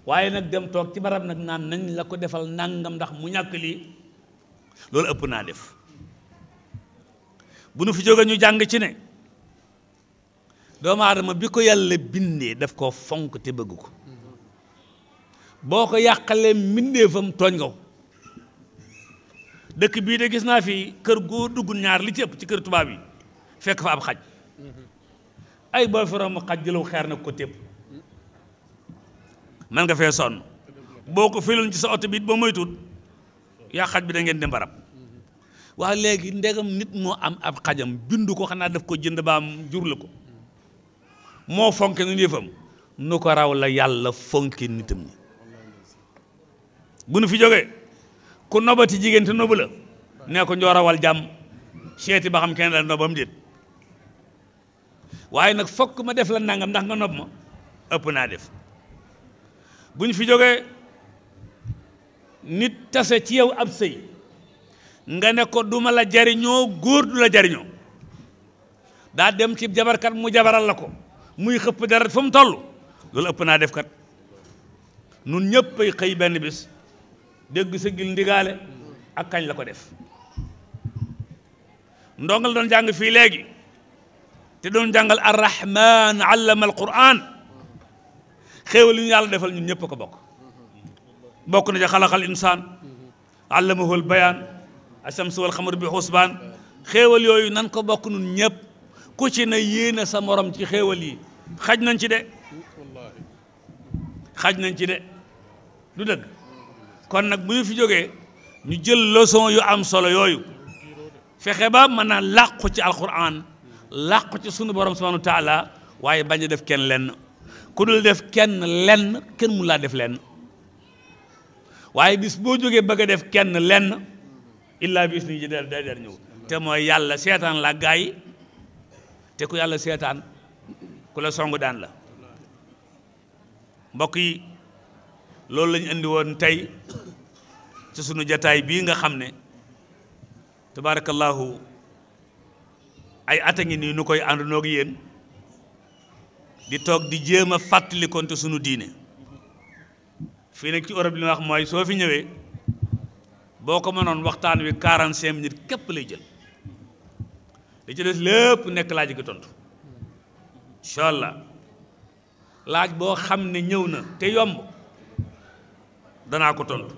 waaye nag dem toog ci barab nag naan nañ la ko defal nangam ndax mu ñàkk lii loolu ëpp naa def bu nu fi jóge ñu jàng ci ne doomu aadama bi ko yàlla bindee daf koo fonk te bëgg ko boo ko yàqalee mbindeefam tooñ nga ko dëkk bii de gis naa fi kër goo dugg ñaar li ci ci kër tubaab yi fekk fa ab xaj ay boo fi romb xaj jëlaw xeer na ko tépp man nga fee sonn boo ko filoon ci sa oto bi it ba moytuwul yaa xaj bi dangeen ngeen di mbarab waa léegi ndegam nit moo am ab xajam bindu ko xanaa def ko jënd baam jur la ko moo fonke nu yëfam nu ko raw la yàlla fonke nitam ñi bu nu fi jógee ku nobati jigéen te nobu la nee njoorawal jàmm seeti ba xam kenn la nobam déet waaye nag fokk ma def la nangam ndax nga nob ma ëpp naa def bu ñu fi jógee nit tase ci yow ab sëy nga nekko ko duma la jariñoo góor du la jariñoo daa dem ci jabarkat mu jabaral la ko muy xëpp dara fu mu toll loolu ëpp naa def kat nun ñëpp xëy benn bis dégg sa gil ndigaale ak kañ la ko def ndongal doon jàng fii léegi te doon jàngal arrahman allama alquran xéewal yi ñu yàlla defal ñun ñëpp ko bokk bokk na ca xalaqal insaan allamahul bayaan achamsu wal xamar bi xusbaan xéewal yooyu nan ko bokk nun ñëpp ku ci na yéene sa morom ci xéewal yi xaj nañ ci de xaj nañ ci de du dëgg kon nag bu ñu fi jógee ñu jël leçon yu am solo yooyu fexe ba mën a làqu ci alquran làqu ci sunu borom subhanahu wa waaye bañ a def kenn lenn ku dul def kenn lenn kenn mu laa def lenn waaye bis boo jógee bëgg a def kenn lenn illaa bis ni ji der day der ñëw te mooy yàlla seetaan la gaa yi te ku yàlla seetaan ku la song daan la mbokk yi loolu lañu indi woon tey ci sunu jataay bii nga xam ne tabaarakallaahu ay at a ngi nii nu koy àndandoo ak yéen di toog di jéem a fàttalikonte sunu diine fii nag ci Europe li wax mooy soo fi ñëwee boo ko mënoon waxtaan wi quarante cinq minutes képp lay jël li ci des lépp nekk laaj gi tontu incha allah laaj boo xam ne ñëw na te yomb dana ko tontu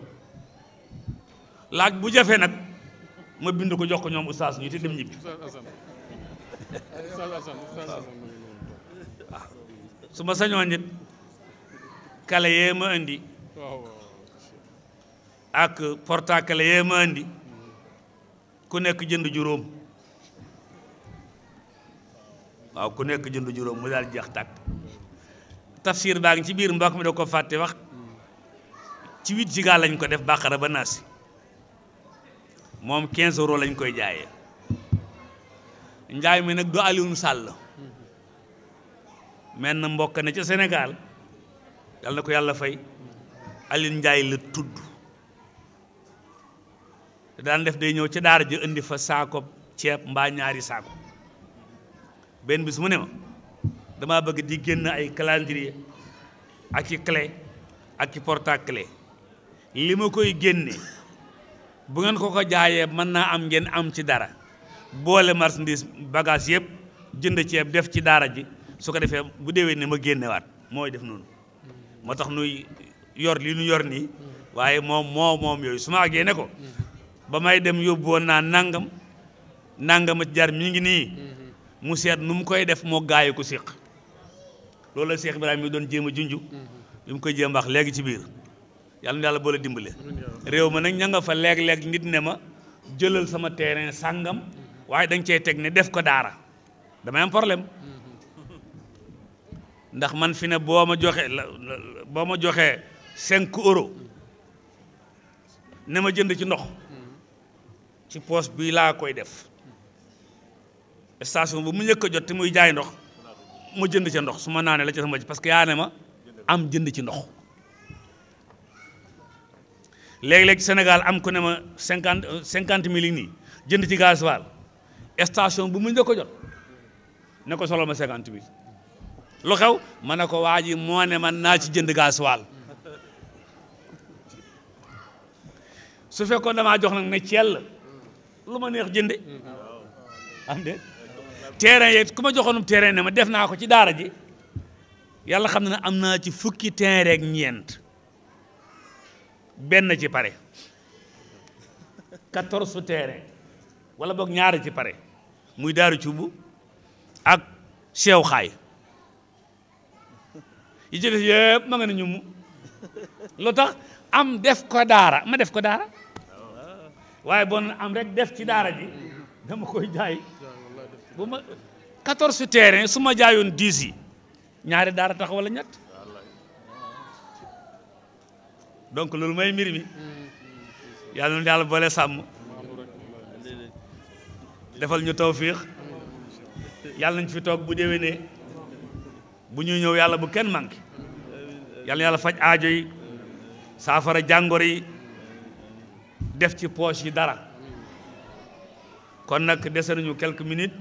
laaj bu jafee nag ma bind ko jox ko ñoom oustaz ñu ti dem ñibbi ah, su ma sañoon nit kale yee ma indi ak porta yee ma indi ku nekk jënd juróom waaw ku nekk jënd juróom mu daal jeex tàkk baa ngi ci biir mbokk mi da ko fàtte wax ci 8 giga lañ ko def bàqara ba naasi moom 15 euros lañ koy jaayee njaay mi nag du Alioune Sall menn mbokk ne ca Sénégal yal na ko yàlla fay Alioune njaay la tudd te daan def day ñëw ca daar ji indi fa saako ceeb mbaa ñaari saako benn bis mu ne ma damaa bëgg di génn ay calendrier ak i clé ak i porte-clé li ma koy génne bu ngeen koo ko jaayee mën naa am ngeen am ci dara boole marchandise bagage yépp jënd ceeb def ci daara ji su ko defee bu déwee ne ma génnewaat mooy def noonu moo tax nuy yor li nu yor nii waaye moom moo moom yooyu su ma àggee ne ko ba may dem yóbbu woon naa nangam nangama jar mi ngi nii mu seet nu mu koy def moo gaayu ko séq loolu la Cheikh Ibrahima mi doon jéem a junj bi mu koy jéem wax léegi ci biir yàlla na yàlla boole dimbale réew ma nag ñanga fa léeg-léeg nit ne ma jëlal sama terrain sàngam waaye dañ cey teg ne def ko daara damay am problème ndax man fi ne boo ma joxe boo ma joxee cinq euros ne ma jënd ci ndox ci poos bii laa koy def station bu mu njëkk jot te muy jaay ndox ma jënd ca ndox su ma naanee la ca sama ci parce que yaa ne ma am jënd ci ndox léeg-léeg Sénégal am ku ne ma cinquante cinquante mille nii jënd ci gasoil station bu mu njëkk ko jot ne ko solal ma cinquante mille lu ma ne ko waa ji moo ne man naa ci jënd gasoil su fekkoon damaa jox nag ne ciel lu ma neex jënde am de terrain yeeg ku ma joxoonum terrain ne ma def naa ko ci daara ji yàlla xam na am naa ci fukki terrain ñeent benn ci pare quatorze terrain wala boog ñaar ci pare muy daar cubb ak seew xaay yi ci des yëpp ma nga ne ñum lu tax am def ko daara ma def ko daara waaye bon am rek def ci daara ji dama koy jaay bu ma quatorze terrain su ma jaayoon dix yi ñaari daara tax wala ñett donc loolu mooy mbir mi yàlla na yàlla boole sàmm defal ñu tawfiix yàlla nañ fi toog bu déwénee bu ñuy ñëw yàlla bu kenn manqué yàlla na yàlla faj aajo yi saafara jàngoro yi def ci poche yi dara kon nag dese nañu quelques minutes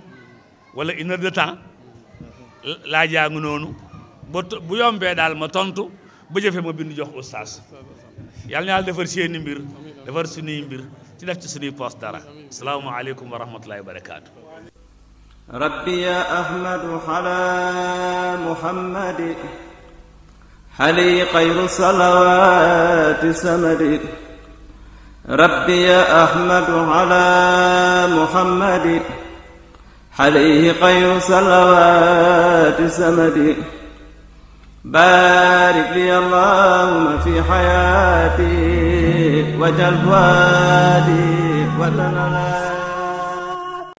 wala une heure de temps laaj yaa ngi noonu ba bu yombee daal ma tontu ba jëfe ma bindu jox oustaz yàlla na yàlla defar seeni mbir defar suñuy mbir ci def ci suñuy poos dara asalaamu aleykum wa rahmatullahi wa barakaatu rabbi ya ahmadu ala muhammadi hali xayru salawaati samadi rabbi ya ahmadu ala muhammadi hali xayru salawaati samadi بارك لي اللهم في حياتي وجل وادي وتنالي